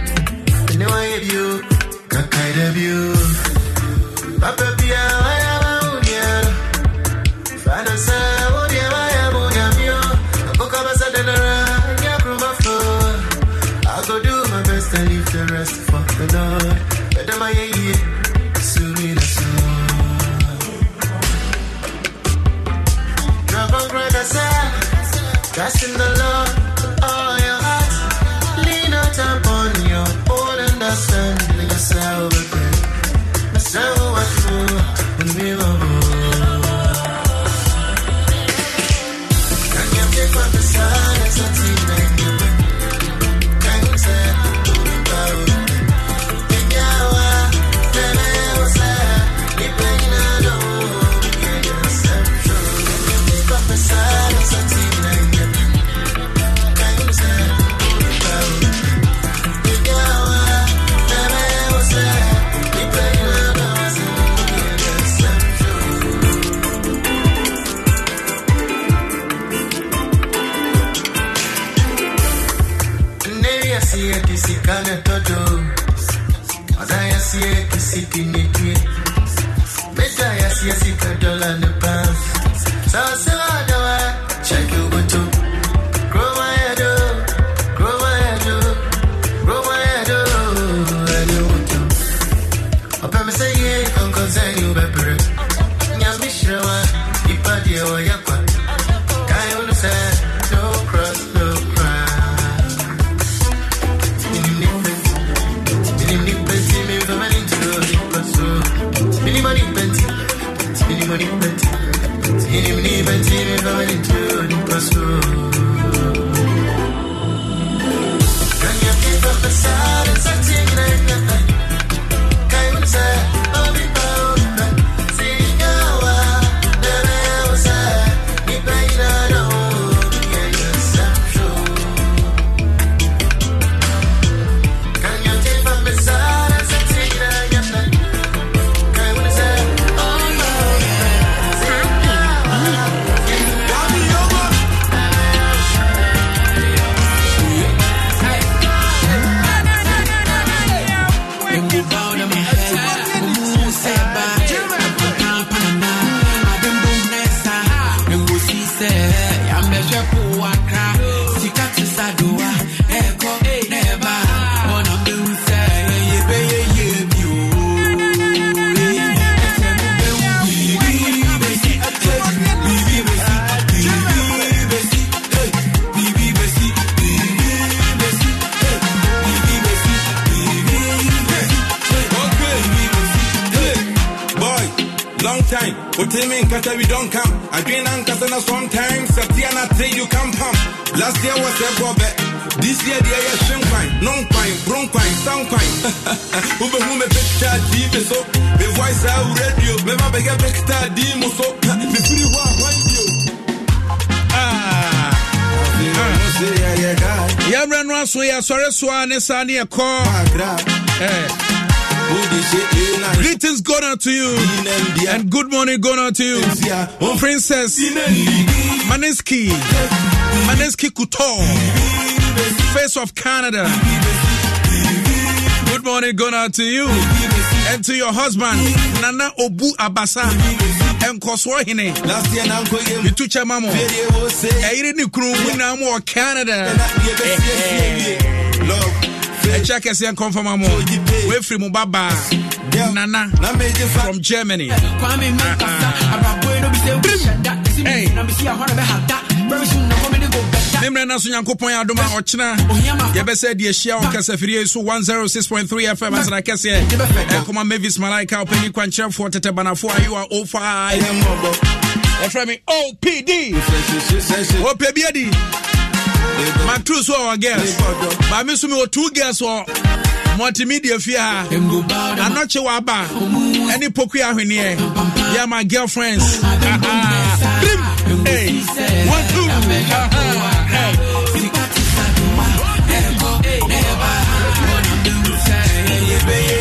so ne saa ne yɛkɔ greetings going out to you and good morning going out to you princess maneski maneski Kuto, face of canada good morning going out to you and to your husband nana obu abasa nkɔsoɔ hene metu kyɛ ma mo ɛyere ne kunu mu nyinaa mu wɔ canada eh, eh. ɛkyɛ kɛseɛ nkɔmfama mu wɔafiri mu babaa nana from germany ne ah, ah. mmerɛ no so nyankopɔn adom oh, oh a ɔkyena yɛbɛsɛ de ahyia wo nkasafiri so 106.3 fm asana kɛseɛ ɛkoma mavis malaika wopɛni kwankyerɛfoɔ tetɛbanafoɔ ayowa 05 ɛfrɛ me opd ɔpɛ bi matru so our girls ba me so mewɔ two girls wɔ multimedia I'm not sure wɔ any ɛne pokui here? Yeah, my girlfriends *laughs* Hey. One, two. *laughs*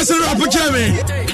ɛsɛ I'm a me